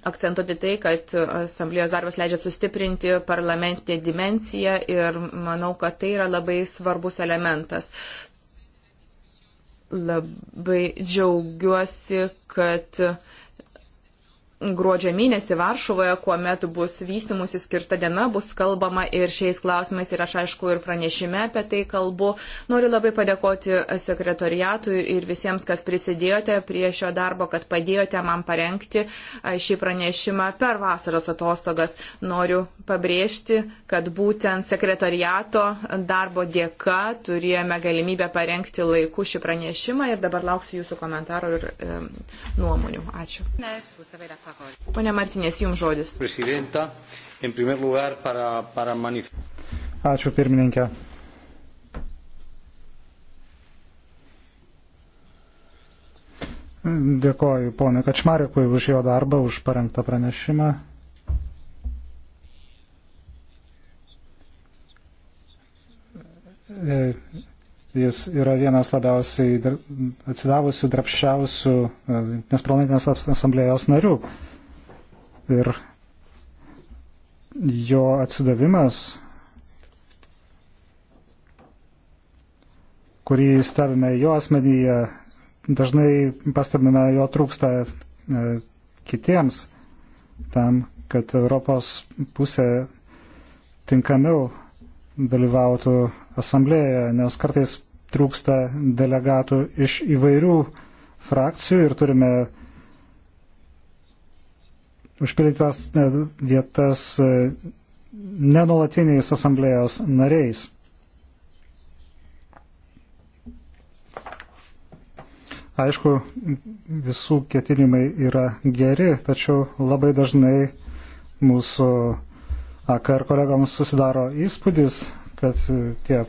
akcentuoti tai, kad asamblėjos darbas leidžia sustiprinti parlamentinę dimenciją ir manau, kad tai yra labai svarbus elementas. Labai džiaugiuosi, kad uh, gruodžio mėnesį Varšuvoje, kuomet bus vystimusi skirta diena, bus kalbama ir šiais klausimais ir aš aišku ir pranešime apie tai kalbu. Noriu labai padėkoti sekretoriatui ir visiems, kas prisidėjote prie šio darbo, kad padėjote man parengti šį pranešimą per vasaros atostogas. Noriu pabrėžti, kad būtent sekretoriato darbo dėka turėjome galimybę parengti laiku šį pranešimą ir dabar lauksiu jūsų komentarų ir e, nuomonių. Ačiū. Ne, Pone Martinės, jums žodis. Ačiū pirmininkė. Dėkoju ponui Kačmarikui už jo darbą, už parengtą pranešimą. Jis yra vienas labiausiai atsidavusių, drapščiausių e, nesparlamentinės asamblėjos narių. Ir jo atsidavimas, kurį stebime jo asmenyje, dažnai pastebime jo trūksta e, kitiems tam, kad Europos pusė tinkamiau dalyvautų asamblėje, nes kartais trūksta delegatų iš įvairių frakcijų ir turime užpildytas vietas e, nenulatiniais asamblėjos nariais. Aišku, visų ketinimai yra geri, tačiau labai dažnai mūsų AKR kolegoms susidaro įspūdis, kad tie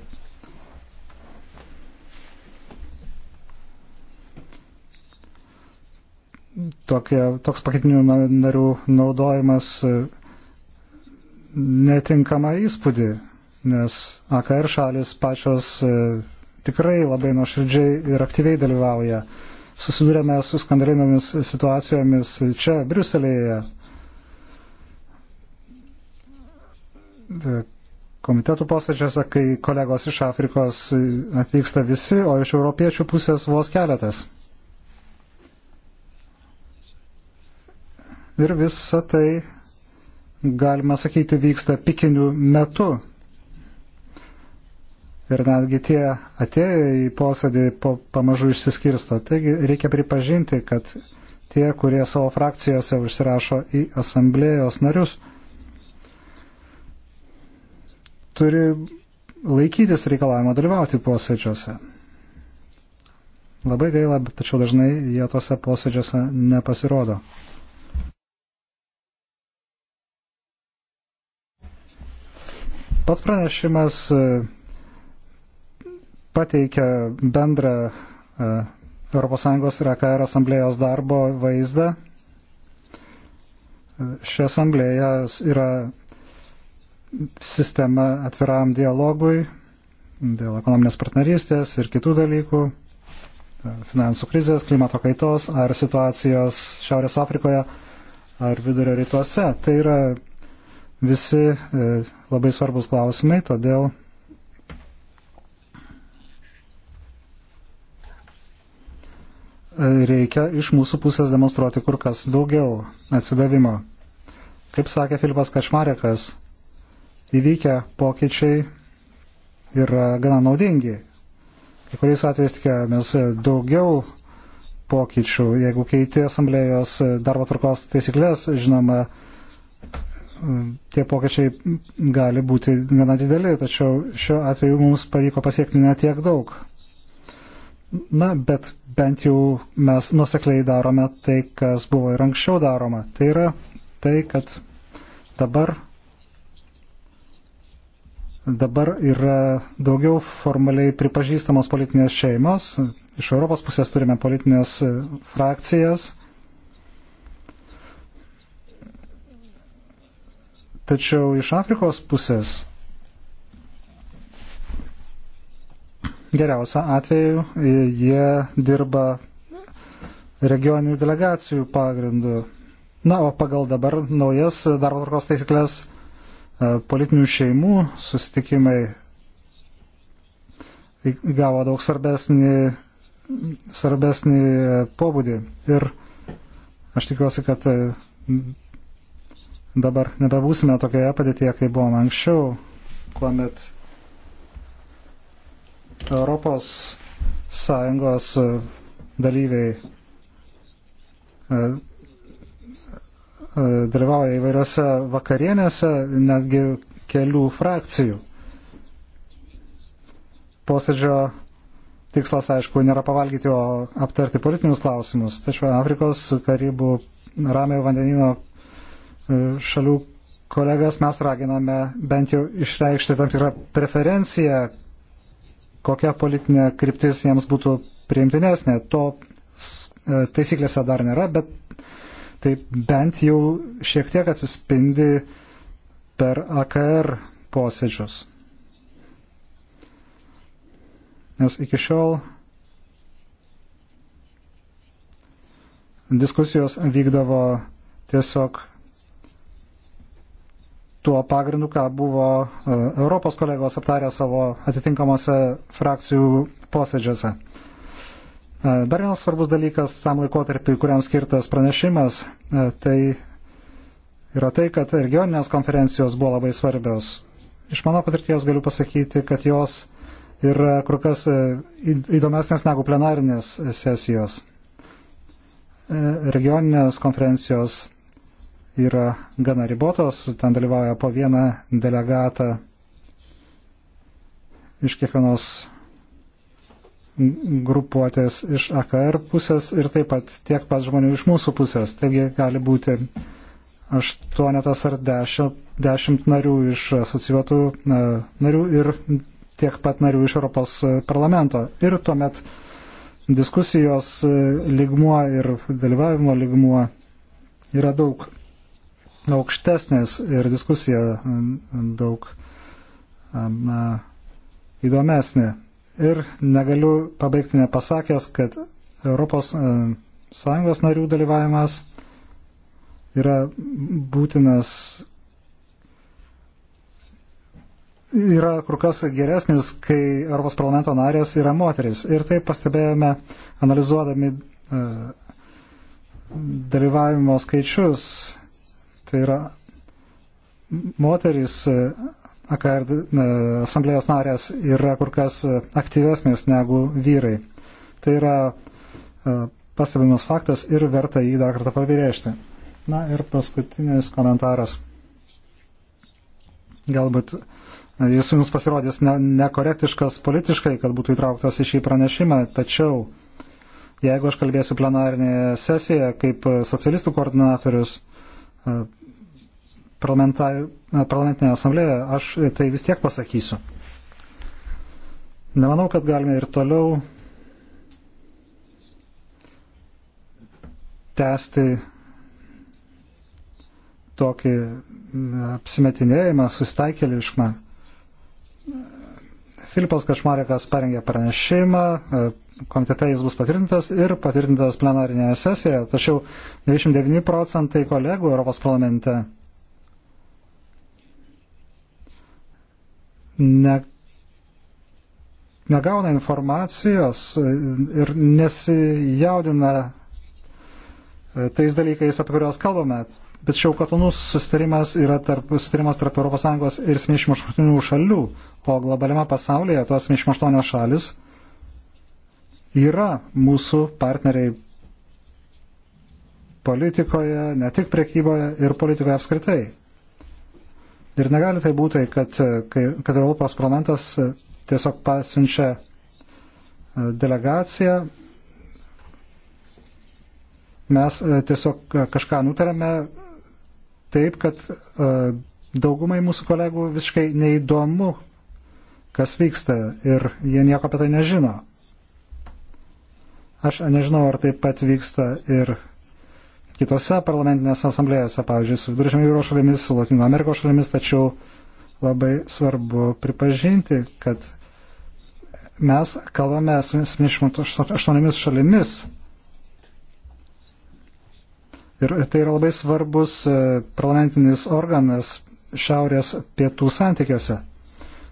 tokie, toks paketinių narių naudojimas e, netinkamą įspūdį, nes AKR šalis pačios e, tikrai labai nuoširdžiai ir aktyviai dalyvauja. Susidūrėme su skandalinomis situacijomis čia, Briuselėje. E, komitetų posėdžiuose, kai kolegos iš Afrikos atvyksta visi, o iš europiečių pusės vos keletas. Ir visa tai, galima sakyti, vyksta pikiniu metu. Ir netgi tie atėję į posėdį po, pamažu išsiskirsto. Taigi reikia pripažinti, kad tie, kurie savo frakcijose užsirašo į asamblėjos narius, turi laikytis reikalavimo dalyvauti posėdžiuose. Labai gaila, tačiau dažnai jie tose posėdžiuose nepasirodo. Pats pranešimas e, pateikia bendrą ES ir AKR asamblėjos darbo vaizdą. E, ši asamblėja yra sistema atviram dialogui dėl ekonominės partnerystės ir kitų dalykų, e, finansų krizės, klimato kaitos ar situacijos Šiaurės Afrikoje ar Vidurio rytuose. Tai yra visi e, labai svarbus klausimai, todėl reikia iš mūsų pusės demonstruoti kur kas daugiau atsidavimo. Kaip sakė Filipas Kašmarekas, įvykę pokyčiai yra gana naudingi. Kai kuriais atvejais tikėjomės daugiau pokyčių, jeigu keiti asamblėjos darbo tvarkos taisyklės, žinoma, tie pokyčiai gali būti gana dideli, tačiau šiuo atveju mums pavyko pasiekti ne tiek daug. Na, bet bent jau mes nusekliai darome tai, kas buvo ir anksčiau daroma. Tai yra tai, kad dabar, dabar yra daugiau formaliai pripažįstamos politinės šeimos. Iš Europos pusės turime politinės frakcijas Tačiau iš Afrikos pusės geriausia atveju jie dirba regioninių delegacijų pagrindu. Na, o pagal dabar naujas darbo tvarkos taisyklės e, politinių šeimų susitikimai gavo daug svarbesnį, svarbesnį pobūdį. Ir aš tikiuosi, kad dabar nebebūsime tokioje padėtyje, kaip buvom anksčiau, kuomet Europos Sąjungos e, dalyviai e, e, dalyvauja įvairiose vakarienėse, netgi kelių frakcijų. Posėdžio tikslas, aišku, nėra pavalgyti, o aptarti politinius klausimus. Tačiau Afrikos, Karibų, Ramiojo vandenino šalių kolegas mes raginame bent jau išreikšti tam tikrą preferenciją, kokia politinė kryptis jiems būtų priimtinesnė. To e, taisyklėse dar nėra, bet tai bent jau šiek tiek atsispindi per AKR posėdžius. Nes iki šiol diskusijos vykdavo tiesiog tuo pagrindu, ką buvo e, Europos kolegos aptarę savo atitinkamuose frakcijų posėdžiuose. E, dar vienas svarbus dalykas tam laikotarpiu, kuriam skirtas pranešimas, e, tai yra tai, kad regioninės konferencijos buvo labai svarbios. Iš mano patirties galiu pasakyti, kad jos yra kur kas įdomesnės negu plenarinės sesijos. Regioninės konferencijos yra gana ribotos, ten dalyvauja po vieną delegatą iš kiekvienos grupuotės iš AKR pusės ir taip pat tiek pat žmonių iš mūsų pusės. Taigi gali būti aštuonetas ar dešimt narių iš asociuotų e, narių ir tiek pat narių iš Europos parlamento. Ir tuomet diskusijos e, ligmuo ir dalyvavimo ligmuo yra daug aukštesnės ir diskusija mm, daug na, mm, įdomesnė. Ir negaliu pabaigti nepasakęs, kad Europos mm, Sąjungos narių dalyvavimas yra būtinas, yra kur kas geresnis, kai Europos parlamento narės yra moteris. Ir tai pastebėjome analizuodami dalyvavimo skaičius Tai yra moteris e, AKR e, asamblėjos narės yra kur kas e, aktyvesnės negu vyrai. Tai yra pastebimas faktas ir verta jį dar kartą pabrėžti. Na ir paskutinis komentaras. Galbūt jis jums pasirodys ne, nekorektiškas politiškai, kad būtų įtrauktas į šį pranešimą, tačiau jeigu aš kalbėsiu plenarinėje sesijoje kaip socialistų koordinatorius, parlamentinėje asamblėje, aš tai vis tiek pasakysiu. Nemanau, kad galime ir toliau tęsti tokį apsimetinėjimą, sustaikėlišką. Filipas Kašmarekas parengė pranešimą, komitete jis bus patvirtintas ir patvirtintas plenarinėje sesijoje, tačiau 99 procentai kolegų Europos parlamente ne, negauna informacijos ir nesijaudina e, tais dalykais, apie kuriuos kalbame. Bet šiau katonus sustarimas yra tarp, sustarimas tarp ES ir 78 šalių, o globaliame pasaulyje tuos 78 šalis yra mūsų partneriai politikoje, ne tik prekyboje ir politikoje apskritai. Ir negali tai būti, kad, kad Europos parlamentas tiesiog pasiunčia e, delegaciją, mes e, tiesiog e, kažką nutarėme taip, kad daugumai mūsų kolegų visiškai neįdomu, kas vyksta ir jie nieko apie tai nežino. Aš nežinau, ar taip pat vyksta ir kitose parlamentinėse asamblėjose, pavyzdžiui, su Viduržėmio jūros šalimis, su Latino Amerikos šalimis, tačiau labai svarbu pripažinti, kad mes kalbame su 78 šalimis. Ir tai yra labai svarbus e, parlamentinis organas šiaurės pietų santykiuose.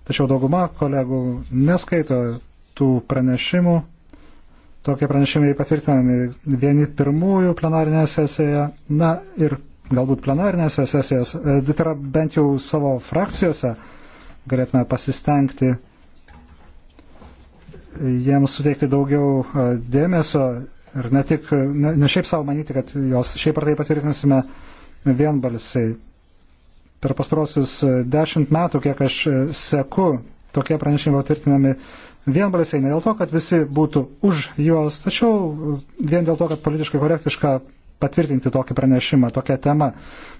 Tačiau dauguma kolegų neskaito tų pranešimų tokie pranešimai patvirtinami vieni pirmųjų plenarinėje sesijoje, na ir galbūt plenarinėse sesijose, tai yra bent jau savo frakcijose galėtume pasistengti jiems suteikti daugiau e, dėmesio ir ne tik, ne, ne šiaip savo manyti, kad jos šiaip ar taip patvirtinsime vienbalsiai. Per pastarosius e, dešimt metų, kiek aš e, seku, tokie pranešimai patvirtinami vienbalsiai, ne dėl to, kad visi būtų už juos, tačiau vien dėl to, kad politiškai korektiška patvirtinti tokį pranešimą, tokią temą.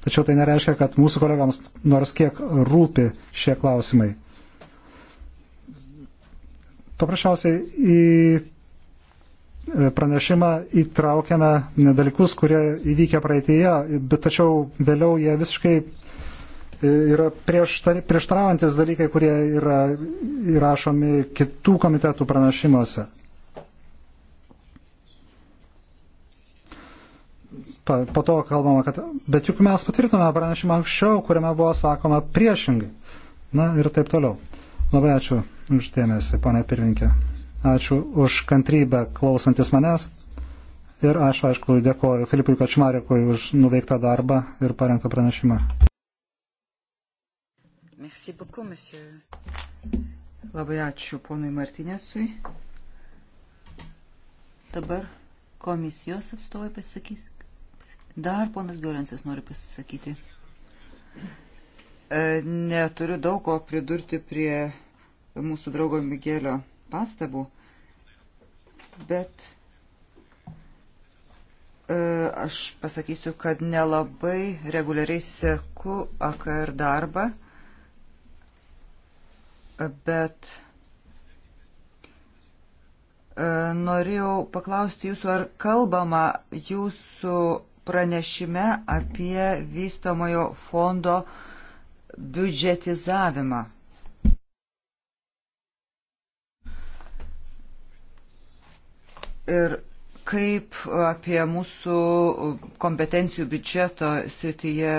Tačiau tai nereiškia, kad mūsų kolegams nors kiek rūpi šie klausimai. Paprasčiausiai į e, pranešimą įtraukiame dalykus, kurie įvykę praeitėje, bet tačiau vėliau jie visiškai uh, yra prieštaraujantis dalykai, kurie yra įrašomi kitų komitetų pranašimuose. Po to kalbama, kad bet juk mes patvirtinome pranešimą anksčiau, kuriame buvo sakoma priešingai. Na ir taip toliau. Labai ačiū uždėmesi, ponė pirminkė. Ačiū už kantrybę klausantis manęs. Ir aš, aišku, dėkoju Filipui Kačmarikui už nuveiktą darbą ir parengtą pranešimą. Merci beaucoup, monsieur. Labai ačiū ponui Martinėsui. Dabar komisijos atstovai pasisakyti. Dar ponas Gorensas nori pasisakyti. E, neturiu daug ko pridurti prie mūsų draugo Migelio pastabų, bet e, aš pasakysiu, kad nelabai reguliariai seku AKR darbą bet e, norėjau paklausti jūsų, ar kalbama jūsų pranešime apie vystomojo fondo biudžetizavimą. Ir kaip apie mūsų kompetencijų biudžeto srityje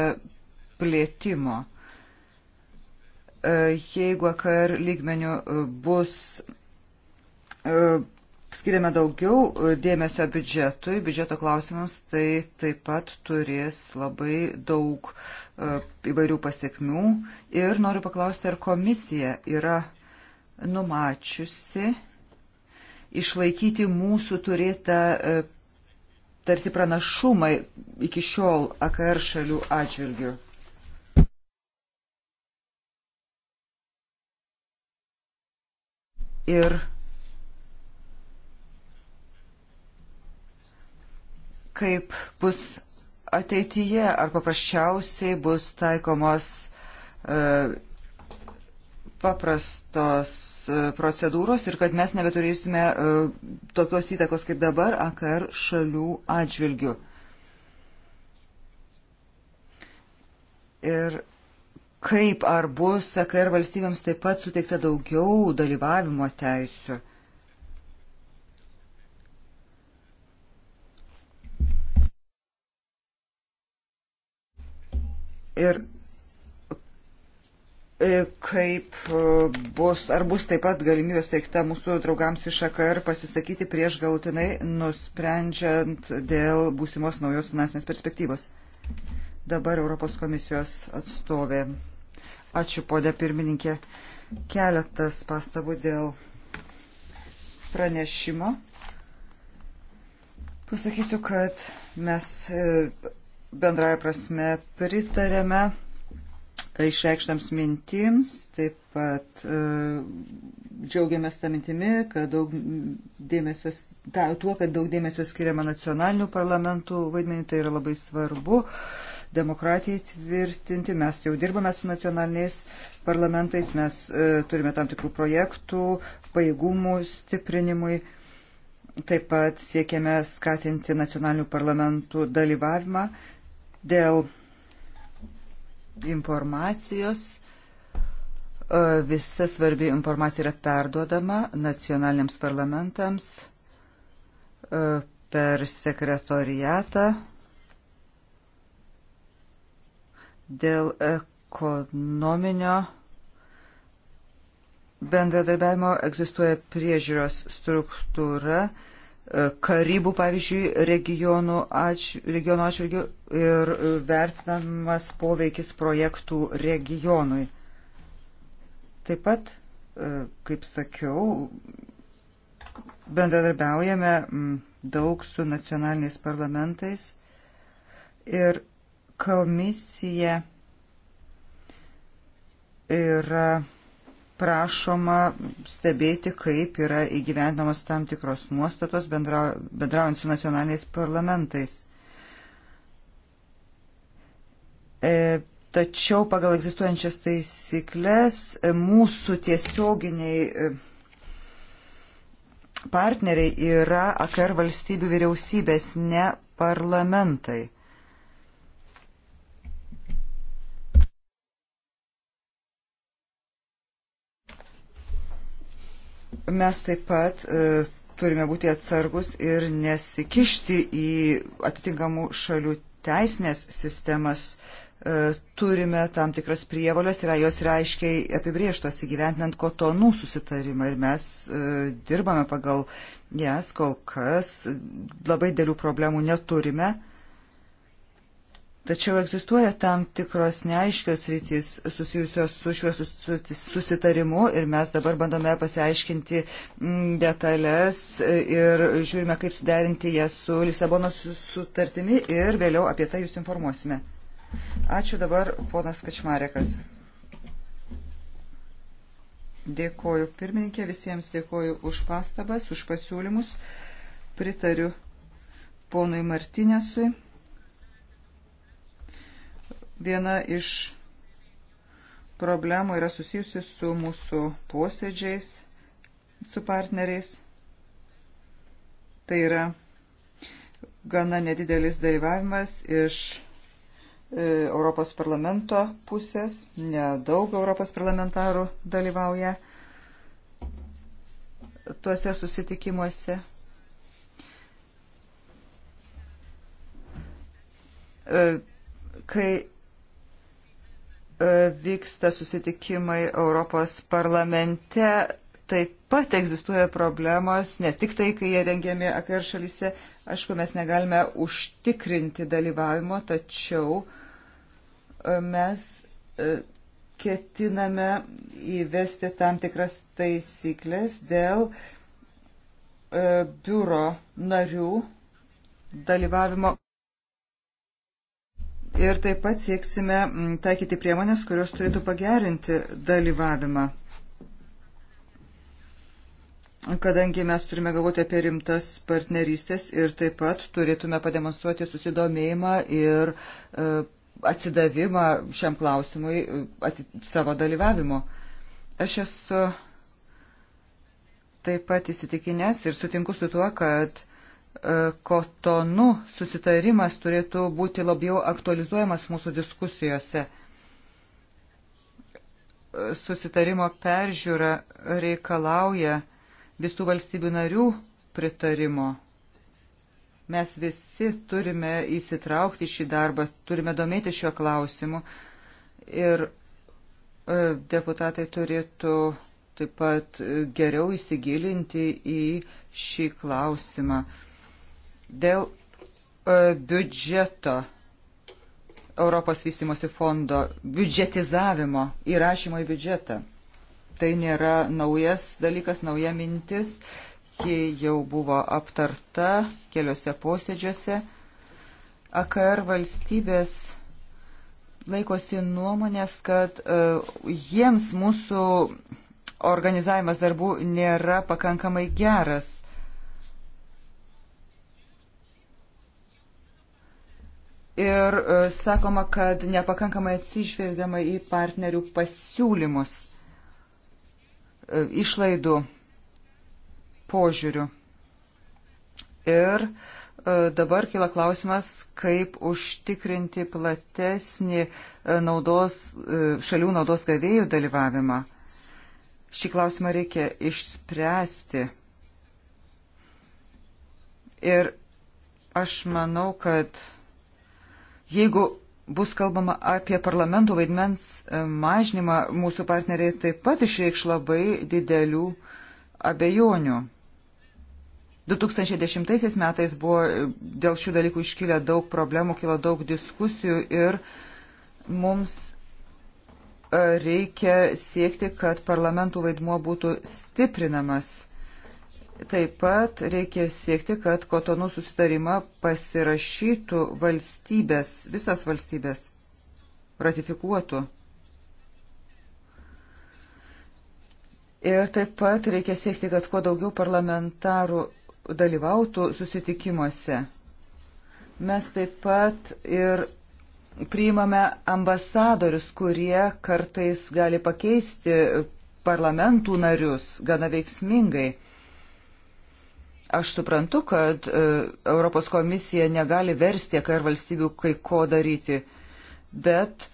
plėtimo. E, jeigu AKR lygmenių e, bus e, skiriame daugiau dėmesio biudžetui, biudžeto klausimams, tai taip pat turės labai daug įvairių pasiekmių. Ir noriu paklausti, ar komisija yra numačiusi išlaikyti mūsų turėtą tarsi pranašumą iki šiol AKR šalių atžvilgių. ir kaip bus ateityje, ar paprasčiausiai bus taikomos e, paprastos e, procedūros ir kad mes nebeturėsime e, tokios įtakos kaip dabar AKR šalių atžvilgių. Ir kaip ar bus AKR valstybėms taip pat suteikta daugiau dalyvavimo teisų. Ir e, kaip e, bus, ar bus taip pat galimybė steigta mūsų draugams iš AKR pasisakyti prieš galutinai nusprendžiant dėl būsimos naujos finansinės perspektyvos. Dabar Europos komisijos atstovė Ačiū, podė pirmininkė. Keletas pastabų dėl pranešimo. Pasakysiu, kad mes e, bendraja prasme pritarėme išreikštams mintims, taip pat e, džiaugiamės tą mintimi, kad daug dėmesio, ta, tuo, kad daug dėmesio skiriama nacionalinių parlamentų vaidmenį, tai yra labai svarbu. E, demokratijai tvirtinti. Mes jau dirbame su nacionaliniais parlamentais, mes e, turime tam tikrų projektų, pajėgumų stiprinimui. Taip pat siekiame skatinti nacionalinių parlamentų dalyvavimą dėl informacijos e, visa svarbi informacija yra perduodama nacionaliniams parlamentams e, per sekretoriatą dėl ekonominio bendradarbiavimo egzistuoja priežiūros struktūra, e, Karibų, pavyzdžiui, regionų atš, regionų atšvilgių ir vertinamas poveikis projektų regionui. Taip pat, e, kaip sakiau, bendradarbiaujame daug su nacionaliniais parlamentais ir Komisija yra prašoma stebėti, kaip yra įgyvendamos tam tikros nuostatos bendra, bendraujant su nacionaliniais parlamentais. E, tačiau pagal egzistuojančias taisyklės e, mūsų tiesioginiai e, partneriai yra AKR valstybių vyriausybės, ne parlamentai. Mes taip pat e, turime būti atsargus ir nesikišti į atitinkamų šalių teisinės sistemas. E, turime tam tikras prievalės ir jos yra aiškiai apibrieštos įgyventinant kotonų susitarimą ir mes e, dirbame pagal jas kol kas, labai dėlių problemų neturime. Tačiau egzistuoja tam tikros neaiškios rytis susijusios su šiuo susitarimu ir mes dabar bandome pasiaiškinti mm, detalės ir žiūrime, kaip suderinti ją su Lisabonos sutartimi ir vėliau apie tai jūs informuosime. Ačiū dabar ponas Kačmarekas. Dėkoju pirmininkė, visiems dėkoju už pastabas, už pasiūlymus. Pritariu ponui Martinėsui. Viena iš problemų yra susijusi su mūsų posėdžiais, su partneriais. Tai yra gana nedidelis dalyvavimas iš e, Europos parlamento pusės, nedaug Europos parlamentarų dalyvauja tuose susitikimuose. E, kai E, vyksta susitikimai Europos parlamente, taip pat egzistuoja problemos, ne tik tai, kai jie rengiami AKR šalyse, aišku, mes negalime užtikrinti dalyvavimo, tačiau e, mes e, ketiname įvesti tam tikras taisyklės dėl biuro narių dalyvavimo ir taip pat sieksime mm, taikyti priemonės, kurios turėtų pagerinti dalyvavimą. Kadangi mes turime galvoti apie rimtas partnerystės ir taip pat turėtume pademonstruoti susidomėjimą ir e, atsidavimą šiam klausimui e, savo dalyvavimo. Aš esu taip pat įsitikinęs ir sutinku su tuo, kad kotonų susitarimas turėtų būti labiau aktualizuojamas mūsų diskusijose. Susitarimo peržiūra reikalauja visų valstybių narių pritarimo. Mes visi turime įsitraukti šį darbą, turime domėti šiuo klausimu ir e, deputatai turėtų taip pat geriau įsigilinti į šį klausimą. Dėl e, biudžeto Europos vystimosi fondo biudžetizavimo įrašymo į biudžetą. Tai nėra naujas dalykas, nauja mintis. Ji jau buvo aptarta keliose posėdžiuose. AKR valstybės laikosi nuomonės, kad uh, jiems mūsų organizavimas darbų nėra pakankamai geras. ir e, sakoma, kad nepakankamai atsižvelgiama į partnerių pasiūlymus e, išlaidų požiūrių. Ir e, dabar kila klausimas, kaip užtikrinti platesnį naudos, šalių naudos gavėjų dalyvavimą. Šį klausimą reikia išspręsti. Ir aš manau, kad Jeigu bus kalbama apie parlamento vaidmens e, mažnymą, mūsų partneriai taip pat išreikš labai didelių abejonių. 2010 metais buvo e, dėl šių dalykų iškilę daug problemų, kilo daug diskusijų ir mums e, reikia siekti, kad parlamentų vaidmuo būtų stiprinamas. Taip pat reikia siekti, kad kotonų susitarimą pasirašytų valstybės, visos valstybės, ratifikuotų. Ir taip pat reikia siekti, kad kuo daugiau parlamentarų dalyvautų susitikimuose. Mes taip pat ir priimame ambasadorius, kurie kartais gali pakeisti parlamentų narius gana veiksmingai. Aš suprantu, kad e, Europos komisija negali versti, kai ir valstybių kai ko daryti, bet e,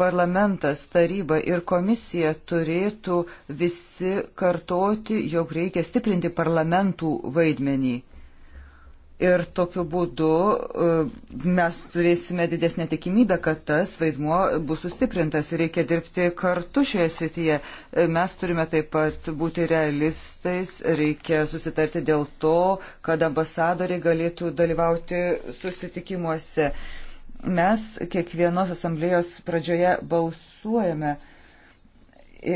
parlamentas, taryba ir komisija turėtų visi kartoti, jog reikia stiprinti parlamentų vaidmenį. Ir tokiu būdu e, mes turėsime didesnę tikimybę, kad tas vaidmuo bus sustiprintas ir reikia dirbti kartu šioje srityje. E, mes turime taip pat būti realistais, reikia susitarti dėl to, kad ambasadoriai galėtų dalyvauti susitikimuose. Mes kiekvienos asamblėjos pradžioje balsuojame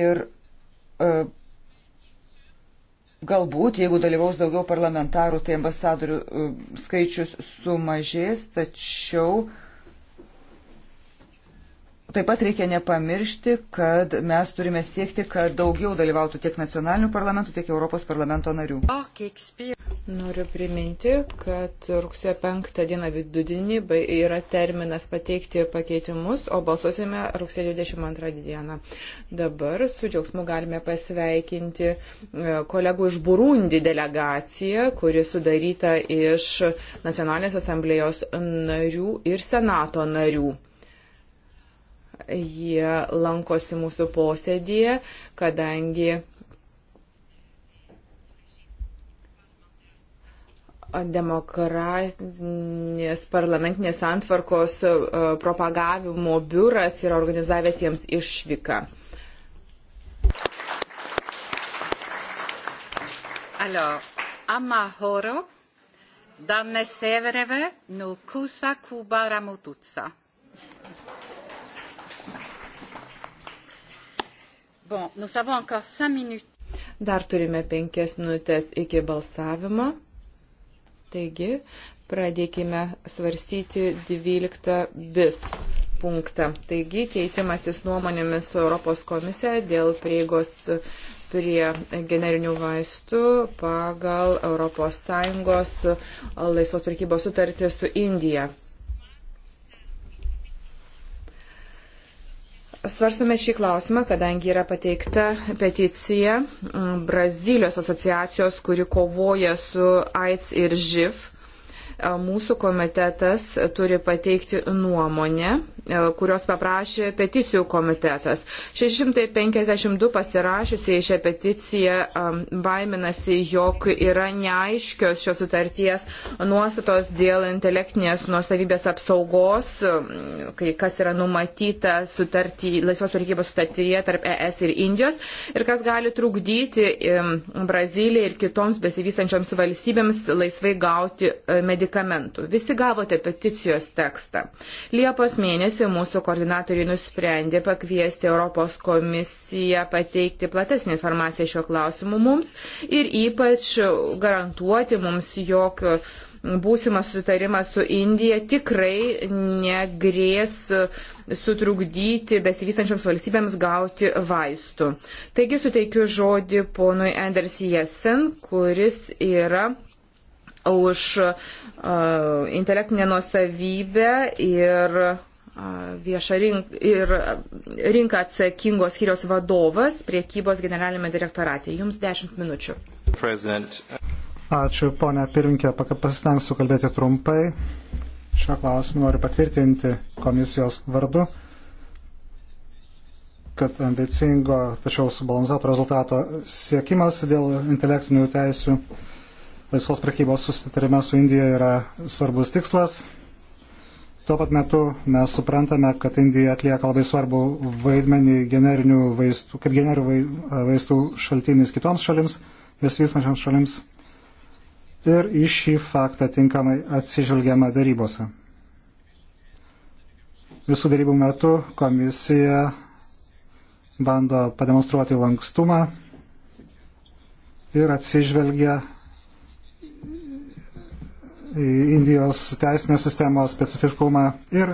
ir e, Galbūt, jeigu dalyvaus daugiau parlamentarų, tai ambasadorių e, skaičius sumažės, tačiau uh, Taip pat reikia nepamiršti, kad mes turime siekti, kad daugiau dalyvautų tiek nacionalinių parlamentų, tiek Europos parlamento narių. Noriu priminti, kad rugsėjo 5 dieną vidudinį yra terminas pateikti pakeitimus, o balsuosime rugsėjo 22 dieną. Dabar su džiaugsmu galime pasveikinti e, kolegų iš Burundi delegaciją, kuri sudaryta iš Nacionalinės asamblėjos narių ir Senato narių. Jie lankosi mūsų posėdėje, kadangi demokratinės parlamentinės santvarkos e, propagavimo biuras yra organizavęs jiems išvyką. Alors, amahoro, danne severeve, nu kusa kuba ramututsa. Bon, nous avons encore 5 minutes. Dar turime penkias minutės iki balsavimo. Taigi, pradėkime svarstyti 12 bis punktą. Taigi, keitimasis nuomonėmis su Europos komisija dėl prieigos prie generinių vaistų pagal ES laisvos prekybos sutartį su Indija. Svarstame šį klausimą, kadangi yra pateikta peticija Brazilijos asociacijos, kuri kovoja su AIDS ir ŽIV mūsų komitetas turi pateikti nuomonę, kurios paprašė peticijų komitetas. 652 pasirašysiai šią peticiją baiminasi, jog yra neaiškios šios sutarties nuostatos dėl intelektinės nuosavybės apsaugos, kai kas yra numatyta sutartį, laisvos prekybos sutartyje tarp ES ir Indijos ir kas gali trukdyti Brazilijai ir kitoms besivystančioms valstybėms laisvai gauti e, mediciną medikamentų. Visi gavote peticijos tekstą. Liepos mėnesį mūsų koordinatoriai nusprendė pakviesti Europos komisiją pateikti platesnį informaciją šiuo klausimu mums ir ypač garantuoti mums, jog būsimas sutarimas su Indija tikrai negrės sutrukdyti besivystančioms valstybėms gauti vaistų. Taigi suteikiu žodį ponui Anders Jessen, kuris yra už intelektinę nuosavybę ir viešą rink, ir rinką atsakingos skyrios vadovas priekybos generalinėme direktorate. Jums 10 minučių. President. Ačiū, ponia pirminkė, pasistengsiu kalbėti trumpai. Šią klausimą noriu patvirtinti komisijos vardu, kad ambicingo, tačiau subalansuoto rezultato siekimas dėl intelektinių teisių laisvos prekybos susitarime su Indija yra svarbus tikslas. Tuo pat metu mes suprantame, kad Indija atlieka labai svarbu vaidmenį generinių vaistų, kaip generinių vaistų šaltinis kitoms šalims, besivystančiams šalims. Ir į šį faktą tinkamai atsižvelgiama darybose. Visų darybų metu komisija bando pademonstruoti lankstumą ir atsižvelgia Indijos teisinės sistemos specifiškumą ir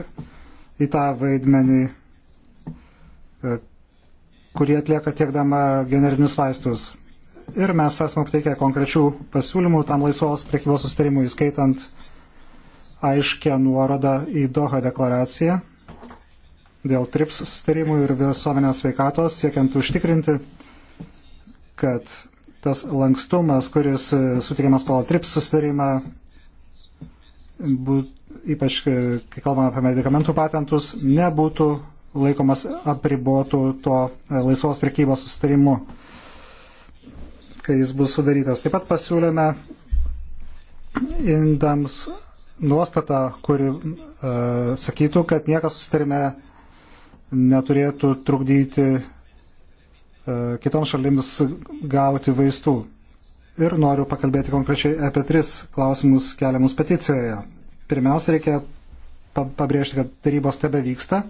į tą vaidmenį, e, kurį atlieka tiekdama generinius vaistus. Ir mes esame pateikę konkrečių pasiūlymų tam laisvos priekybos sustarimui, įskaitant aiškę nuorodą į Doha deklaraciją dėl TRIPS sustarimų ir visuomenės veikatos, siekiant užtikrinti, kad tas lankstumas, kuris sutikimas pagal TRIPS sustarimą, būt, ypač e, kai kalbame apie medikamentų patentus, nebūtų laikomas apribotų to e, laisvos prekybos sustarimu, kai jis bus sudarytas. Taip pat pasiūlėme indams nuostatą, kuri e, sakytų, kad niekas sustarime neturėtų trukdyti e, kitoms šalims gauti vaistų ir noriu pakalbėti konkrečiai apie tris klausimus keliamus peticijoje. Pirmiausia, reikia pabrėžti, kad tarybos tebe vyksta.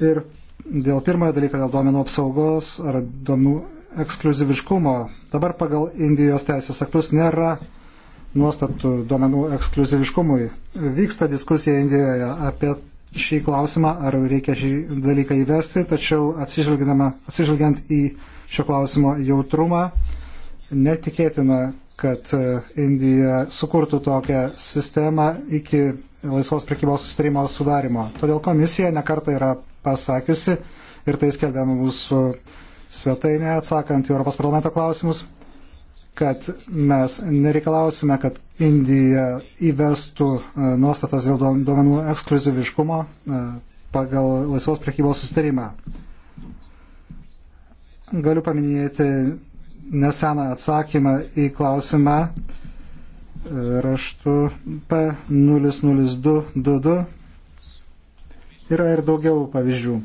Ir dėl pirmojo dalyko, dėl duomenų apsaugos ar duomenų ekskluziviškumo, dabar pagal Indijos teisės aktus nėra nuostatų duomenų ekskluziviškumui. Vyksta diskusija Indijoje apie šį klausimą, ar reikia šį dalyką įvesti, tačiau atsižvelgiant į šio klausimo jautrumą, netikėtina, kad e, Indija sukurtų tokią sistemą iki laisvos prekybos sustarimo sudarimo. Todėl komisija nekarta yra pasakiusi ir tai skelbė mūsų svetainė atsakant į Europos parlamento klausimus, kad mes nereikalausime, kad Indija įvestų e, nuostatas dėl duomenų ekskluziviškumo e, pagal laisvos prekybos sustarimą. Galiu paminėti neseną atsakymą į klausimą e, raštu P00222. Yra ir daugiau pavyzdžių. E,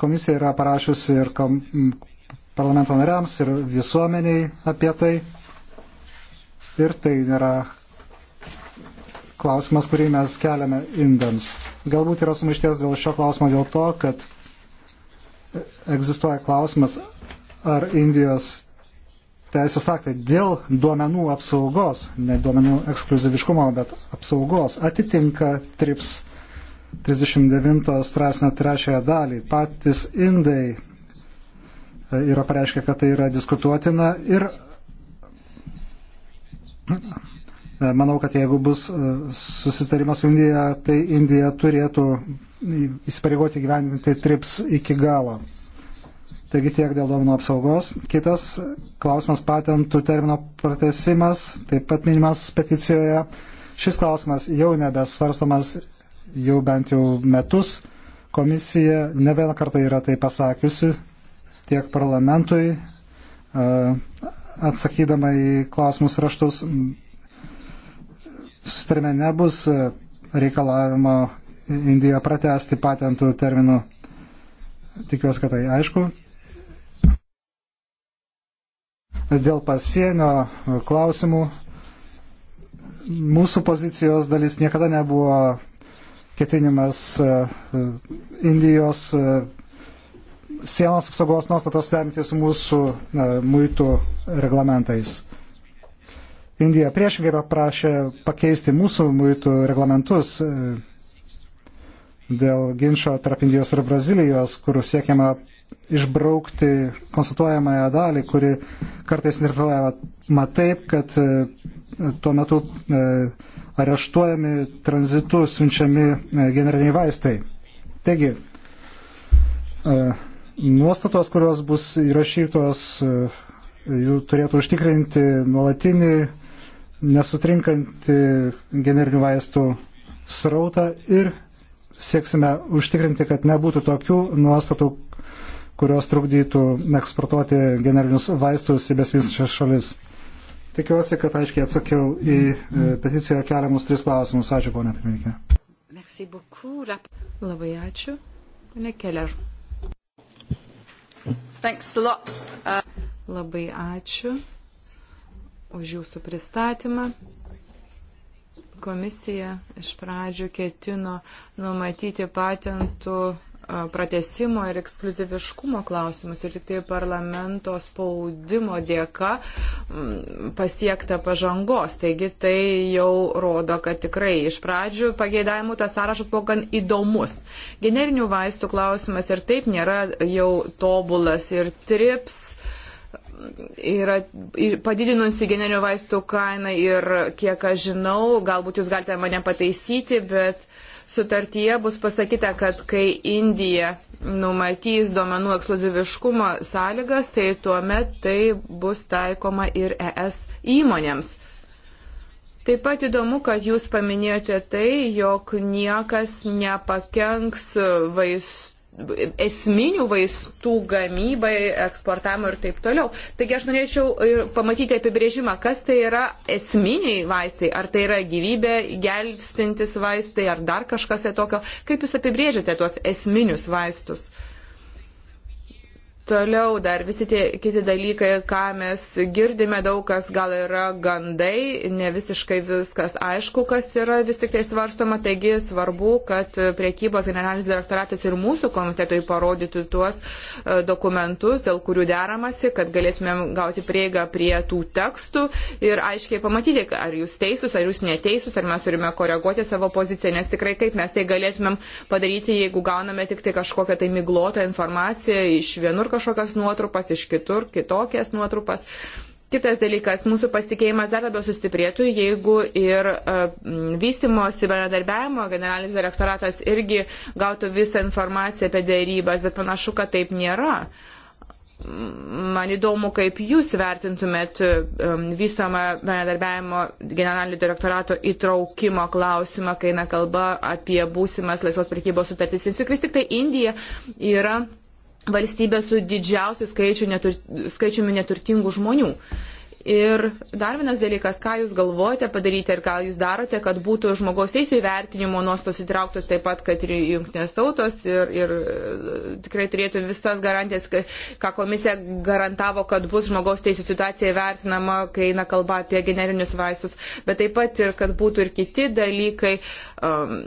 komisija yra parašiusi ir kom, parlamento nariams, ir visuomeniai apie tai. Ir tai nėra klausimas, kurį mes keliame indams. Galbūt yra sumaišties dėl šio klausimo dėl to, kad egzistuoja klausimas, ar Indijos teisės aktai dėl duomenų apsaugos, ne duomenų ekskluziviškumo, bet apsaugos atitinka TRIPS 39 straipsnio trečiąją dalį. Patys Indai e, yra pareiškę, kad tai yra diskutuotina ir e, manau, kad jeigu bus e, susitarimas su Indija, tai Indija turėtų įsipareigoti gyventi TRIPS iki galo. Taigi tiek dėl duomenų apsaugos. Kitas klausimas patentų termino pratesimas, taip pat minimas peticijoje. Šis klausimas jau nebesvarstomas jau bent jau metus. Komisija ne vieną kartą yra tai pasakiusi tiek parlamentui, atsakydama į klausimus raštus. Sustarime nebus reikalavimo Indiją pratesti patentų terminų tikiuosi, kad tai aišku. Dėl pasienio e, klausimų mūsų pozicijos dalis niekada nebuvo ketinimas e, e, Indijos sienos apsaugos nuostatos suderinti su mūsų muitų reglamentais. Indija priešingai paprašė pakeisti mūsų muitų reglamentus dėl ginčio tarp Indijos ir Brazilijos, kur siekiama išbraukti konstatuojamąją dalį, kuri kartais interpretuojama taip, kad e, tuo metu e, areštuojami tranzitu siunčiami e, generiniai vaistai. Taigi, nuostatos, kurios bus įrašytos, jų turėtų užtikrinti nuolatinį nesutrinkantį generinių vaistų srautą ir sieksime užtikrinti, kad nebūtų tokių nuostatų, kurios trukdytų eksportuoti generinius vaistus į besvystančias šalis. Tikiuosi, kad aiškiai atsakiau į e, peticiją keliamus tris klausimus. Ačiū, ponė pirmininkė. Labai ačiū, ponė Keller. Uh... Labai ačiū už jūsų pristatymą komisija iš pradžių ketino numatyti patentų pratesimo ir ekskluziviškumo klausimus ir tik tai parlamento spaudimo dėka pasiekta pažangos. Taigi tai jau rodo, kad tikrai iš pradžių pageidavimų tas sąrašas buvo gan įdomus. Generinių vaistų klausimas ir taip nėra jau tobulas ir trips yra padidinusi generinių vaistų kainą ir kiek aš žinau, galbūt jūs galite mane pataisyti, bet Sutartyje bus pasakyta, kad kai Indija numatys duomenų ekskluziviškumo sąlygas, tai tuomet tai bus taikoma ir ES įmonėms. Taip pat įdomu, kad jūs paminėjote tai, jog niekas nepakenks vaistų esminių vaistų gamybai, eksportavimui ir taip toliau. Taigi aš norėčiau pamatyti apibrėžimą, kas tai yra esminiai vaistai, ar tai yra gyvybė, gelbstintis vaistai, ar dar kažkas tai tokio. Kaip jūs apibrėžiate tuos esminius vaistus? Toliau dar visi tie kiti dalykai, ką mes girdime, daug kas gal yra gandai, ne visiškai viskas aišku, kas yra vis tik tai svarstoma, taigi svarbu, kad priekybos generalinis direktoratas ir mūsų komitetui parodytų tuos e, dokumentus, dėl kurių deramasi, kad galėtumėm gauti prieigą prie tų tekstų ir aiškiai pamatyti, ar jūs teisūs, ar jūs neteisūs, ar mes turime koreguoti savo poziciją, nes tikrai kaip mes tai galėtumėm padaryti, jeigu gauname tik tai kažkokią tai miglotą informaciją iš vienur kažkokias nuotrupas iš kitur, kitokias nuotrupas. Kitas dalykas, mūsų pasitikėjimas dar labiau sustiprėtų, jeigu ir uh, vystimosi bendradarbiavimo generalinis direktoratas irgi gautų visą informaciją apie dėrybas, bet panašu, kad taip nėra. Man įdomu, kaip jūs vertintumėt um, vystomą bendradarbiavimo generalinio direktorato įtraukimo klausimą, kai eina kalba apie būsimas laisvos prekybos sutartys. Juk vis tik tai Indija yra valstybė su didžiausiu skaičiu netur, skaičiumi neturtingų žmonių. Uh, Ir dar vienas dalykas, ką jūs galvojate padaryti ir ką jūs darote, kad būtų žmogaus teisų įvertinimo nuostos įtrauktos taip pat, kad ir jungtinės tautos ir, ir e, tikrai turėtų visas garantijas, ką komisija garantavo, kad bus žmogaus teisų situacija įvertinama, kai eina kalba apie generinius vaistus, bet taip pat ir kad būtų ir kiti dalykai um,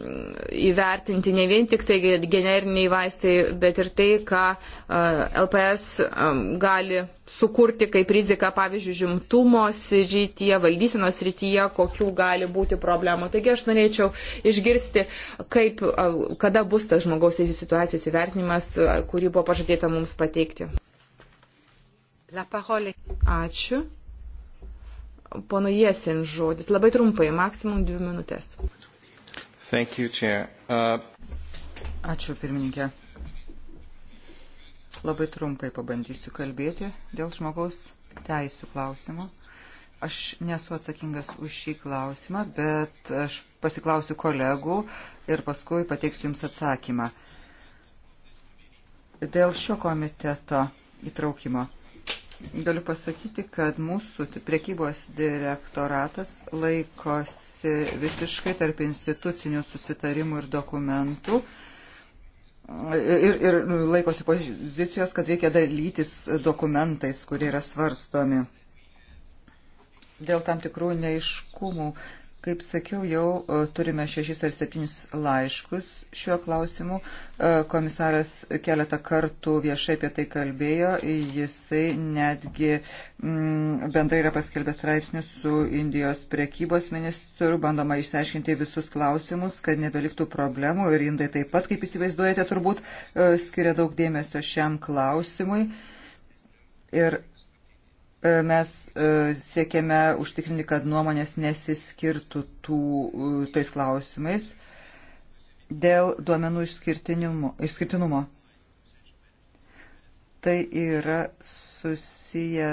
įvertinti, ne vien tik tai generiniai vaistai, bet ir tai, ką uh, e, LPS um, gali sukurti kaip riziką, pavyzdžiui, žimtumo srityje, valdysenos srityje, kokių gali būti problemų. Taigi aš norėčiau išgirsti, kaip, kada bus tas žmogaus teisų situacijos įvertinimas, kurį buvo pažadėta mums pateikti. Ačiū. Pono Jesin žodis. Labai trumpai, maksimum dvi minutės. Thank you, Chair. Uh... Ačiū, pirmininkė. Labai trumpai pabandysiu kalbėti dėl žmogaus teisų klausimo. Aš nesu atsakingas už šį klausimą, bet aš pasiklausiu kolegų ir paskui pateiksiu Jums atsakymą. Dėl šio komiteto įtraukimo galiu pasakyti, kad mūsų priekybos direktoratas laikosi visiškai tarp institucinių susitarimų ir dokumentų ir, ir laikosi pozicijos, kad reikia dalytis dokumentais, kurie yra svarstomi. Dėl tam tikrų neiškumų Kaip sakiau, jau e, turime šešis ar septynis laiškus šiuo klausimu. E, komisaras keletą kartų viešai apie tai kalbėjo. Jisai netgi mm, bendrai yra paskelbęs straipsnius su Indijos prekybos ministru. Bandoma išsiaiškinti visus klausimus, kad nebeliktų problemų. Ir indai taip pat, kaip įsivaizduojate, turbūt e, skiria daug dėmesio šiam klausimui. Ir E, mes e, siekiame užtikrinti, kad nuomonės nesiskirtų tų, tais klausimais dėl duomenų išskirtinumo. Tai yra susiję.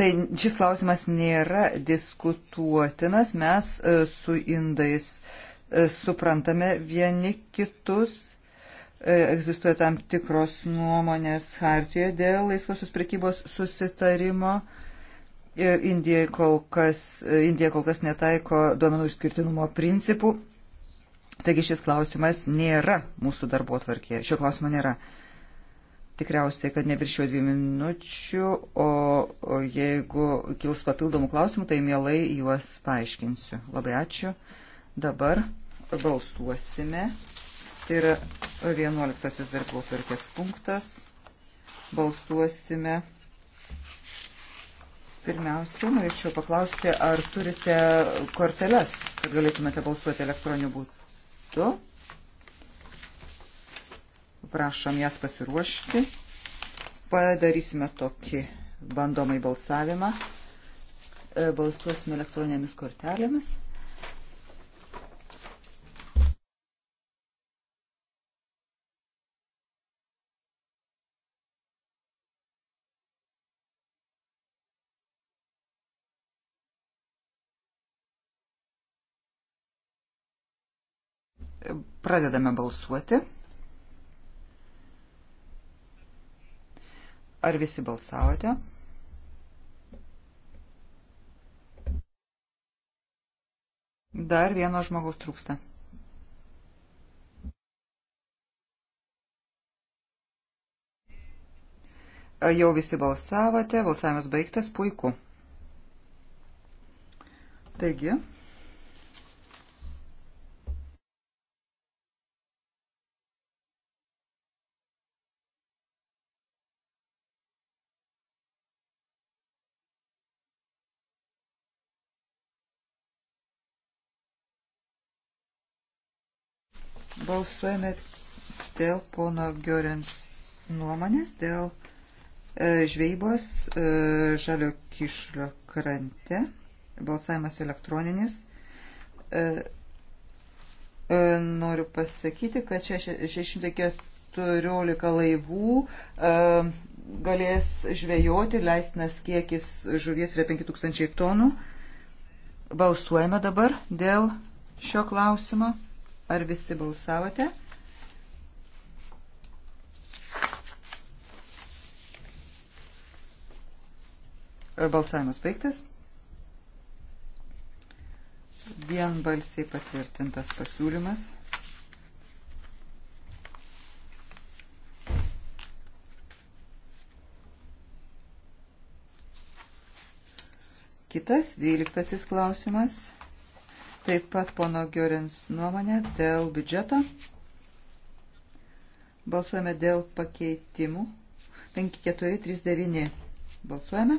Tai šis klausimas nėra diskutuotinas, mes e, su indais suprantame vieni kitus E, egzistuoja tam tikros nuomonės hartijoje dėl laisvosios prekybos susitarimo. Ir e, Indija kol kas, e, Indija kol kas netaiko duomenų išskirtinumo principų. Taigi šis klausimas nėra mūsų darbo tvarkėje. Šio klausimo nėra. Tikriausiai, kad neviršiu dviejų minučių, o, o jeigu kils papildomų klausimų, tai mielai juos paaiškinsiu. Labai ačiū. Dabar balsuosime. Tai yra 11 darbo tvarkės punktas. Balsuosime. Pirmiausia, norėčiau paklausti, ar turite korteles, kad galėtumėte balsuoti elektroniniu būdu. Prašom jas pasiruošti. Padarysime tokį bandomai balsavimą. E, balsuosime elektroninėmis kortelėmis. Pradedame balsuoti. Ar visi balsavote? Dar vieno žmogaus trūksta. Jau visi balsavote, balsavimas baigtas, puiku. Taigi, balsuojame dėl pono Giorens nuomonės, dėl e, žvejybos e, žalio kišlio krante. Balsavimas elektroninis. E, e, noriu pasakyti, kad 614 laivų e, galės žvejoti, leistinas kiekis žuvies yra 5000 tonų. Balsuojame dabar dėl šio klausimo. Ar visi balsavote? Balsavimas baigtas. Vienbalsiai patvirtintas pasiūlymas. Kitas dvyliktasis klausimas. Taip pat pono Giorins nuomonė dėl biudžeto. Balsuojame dėl pakeitimų. 5439. Balsuojame.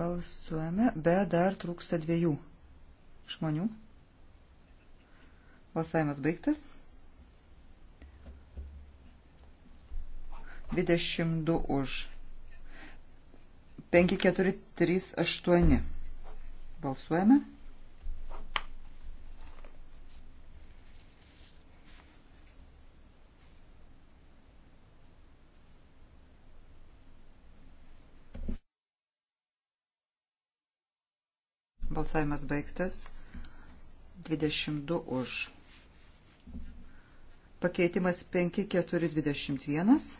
Balsuojame, bet dar trūksta dviejų žmonių. Balsavimas baigtas. 22 už. 5, 4, 3, 8. Balsuojame. Balsavimas baigtas. 22 už. Pakeitimas 5421.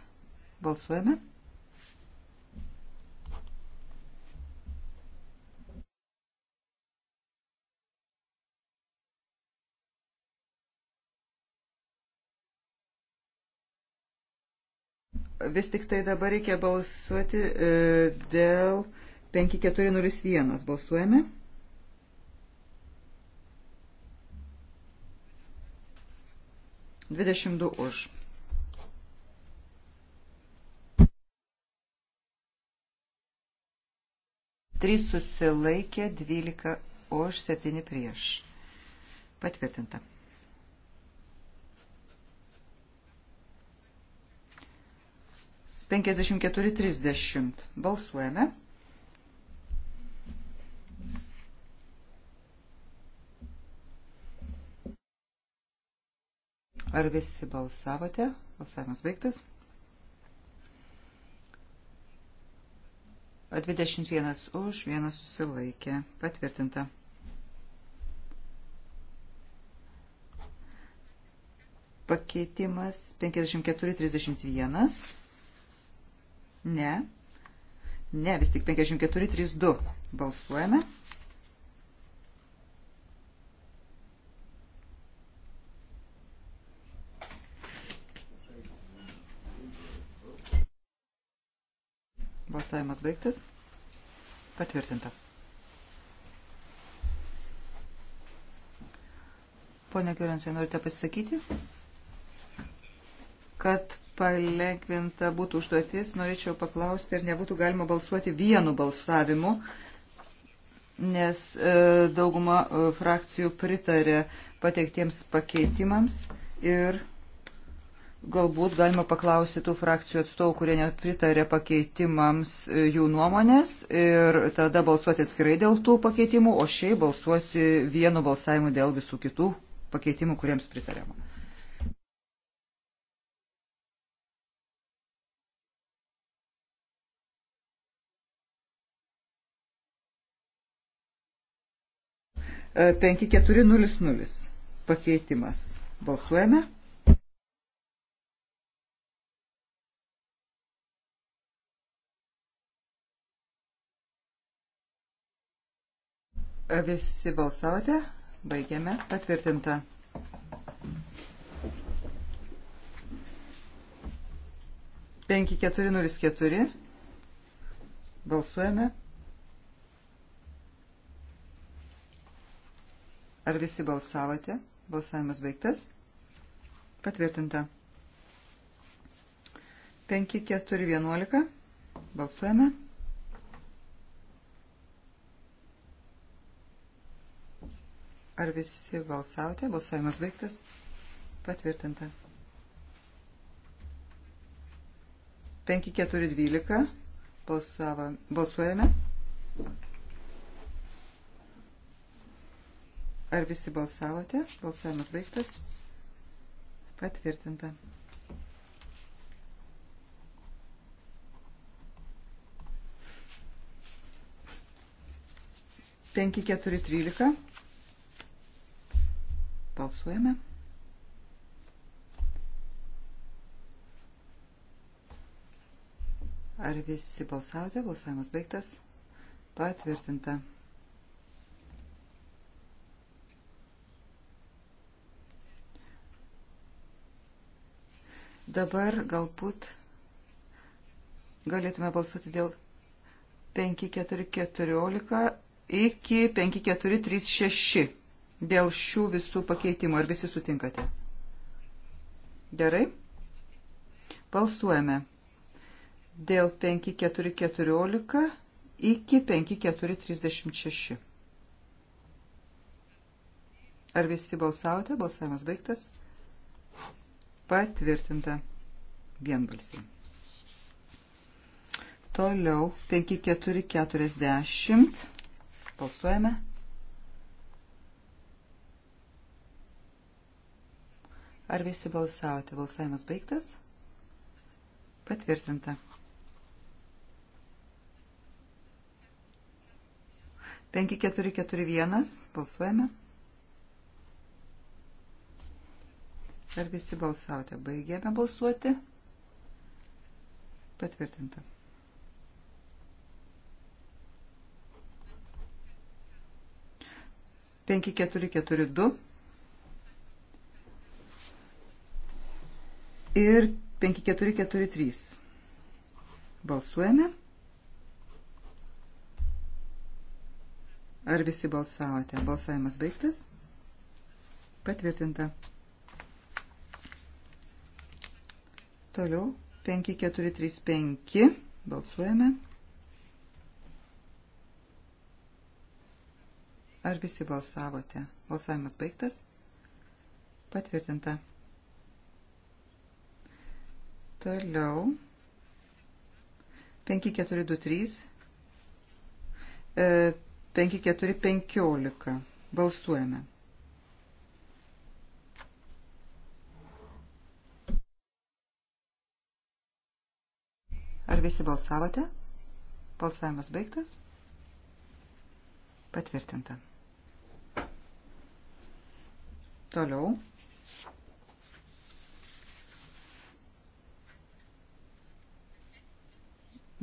Balsuojame. Vis tik tai dabar reikia balsuoti e, dėl 5401. Balsuojame. 22 už. Trys susilaikė, 12 už, 7 prieš. Patvirtinta. Penkiasdešimt keturi trisdešimt. Balsuojame. Ar visi balsavote? Balsavimas baigtas. 21 už, 1 susilaikė. Patvirtinta. Pakeitimas 54-31. Ne. Ne, vis tik 54-32. Balsuojame. Balsavimas baigtas. Patvirtinta. Pone Kiurensai, norite pasisakyti? Kad palengvinta būtų užduotis, norėčiau paklausti, ar nebūtų galima balsuoti vienu balsavimu, nes e, dauguma e, frakcijų pritarė pateiktiems pakeitimams ir galbūt galima paklausti tų frakcijų atstovų, kurie nepritarė pakeitimams e, jų nuomonės ir tada balsuoti atskirai dėl tų pakeitimų, o šiaip balsuoti vienu balsavimu dėl visų kitų pakeitimų, kuriems pritarėma. E, penki keturi nulis nulis pakeitimas. Balsuojame. Visi balsavote? Baigiame. Patvirtinta. Penki keturi nulis keturi. Balsuojame. Ar visi balsavote? Balsavimas baigtas. Patvirtinta. 5, 4, 11. Balsuojame. Ar visi balsavote? Balsavimas baigtas. Patvirtinta. 5412 balsavo, balsuojame. Ar visi balsavote? Balsavimas baigtas. Patvirtinta. Penki keturi trylika. Balsuojame. Ar visi balsavote? Balsavimas baigtas. Patvirtinta. Dabar galbūt galėtume balsuoti dėl 5414 iki 5436 dėl šių visų pakeitimų. Ar visi sutinkate? Gerai. Balsuojame. Dėl 5414 iki 5436. Ar visi balsavote? Balsavimas baigtas. Patvirtinta vienbalsiai. Toliau 5440. Balsuojame. Ar visi balsavote? Balsavimas baigtas. Patvirtinta. 5441. Balsuojame. Ar visi balsavote? Baigėme balsuoti. Patvirtinta. Penki, keturi, keturi, du. ir 5443. Balsuojame. Ar visi balsavote? Balsavimas baigtas. Patvirtinta. Toliau 5435. Balsuojame. Ar visi balsavote? Balsavimas baigtas. Patvirtinta. Toliau. 5423. 5415. E, Balsuojame. Ar visi balsavote? Balsavimas baigtas. Patvirtinta. Toliau.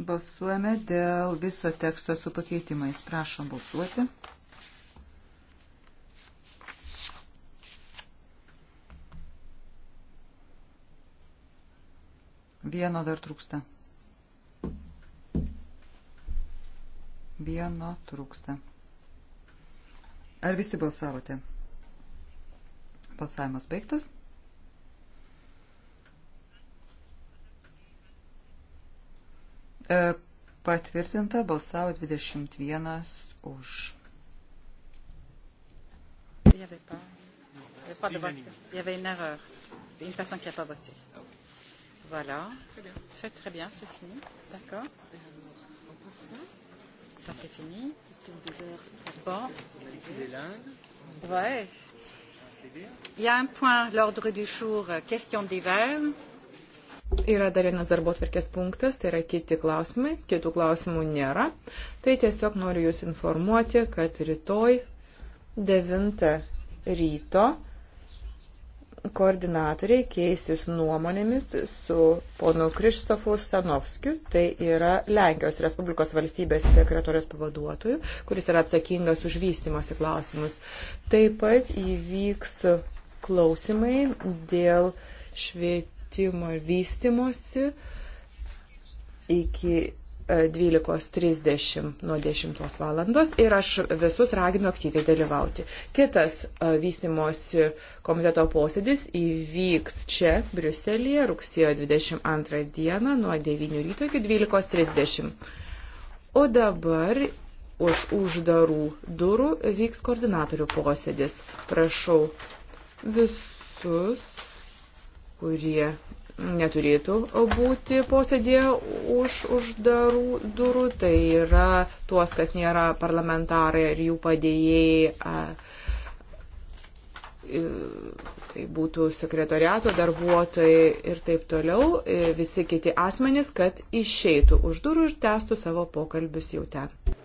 Balsuojame dėl viso teksto su pakeitimais. Prašom balsuoti. Vieno dar trūksta. Vieno trūksta. Ar visi balsavote? Balsavimas baigtas. E, patvirtinta balsavo 21 už. Il n'y avait pas. Il n'y avait pas de vote. Il y avait une erreur. Une personne qui n'a pas voté. Voilà. C'est très bien, c'est fini. D'accord. Ça, c'est fini. Bon. Ouais. Il y a un point à l'ordre du jour, euh, question d'hiver. Yra dar vienas darbo tvarkės punktas, tai yra kiti klausimai, kitų klausimų nėra. Tai tiesiog noriu Jūs informuoti, kad rytoj 9 ryto koordinatoriai keisis nuomonėmis su ponu Krištofu Stanovskiu, tai yra Lenkijos Respublikos valstybės sekretorijos pavaduotoju, kuris yra atsakingas už vystimosi klausimus. Taip pat įvyks klausimai dėl švietimo švietimo ir vystimosi iki 12.30 e, nuo 10 valandos ir aš visus raginu aktyviai dalyvauti. Kitas e, vystimosi komiteto posėdis įvyks čia, Briuselėje, rugsėjo 22 dieną nuo 9 ryto iki 12.30. O dabar už uždarų durų vyks koordinatorių posėdis. Prašau visus kurie neturėtų būti posėdėje už uždarų durų, tai yra tuos, kas nėra parlamentarai ir jų padėjėjai. Tai būtų sekretoriato darbuotojai ir taip toliau, visi kiti asmenys, kad išeitų už durų ir tęstų savo pokalbius jau ten.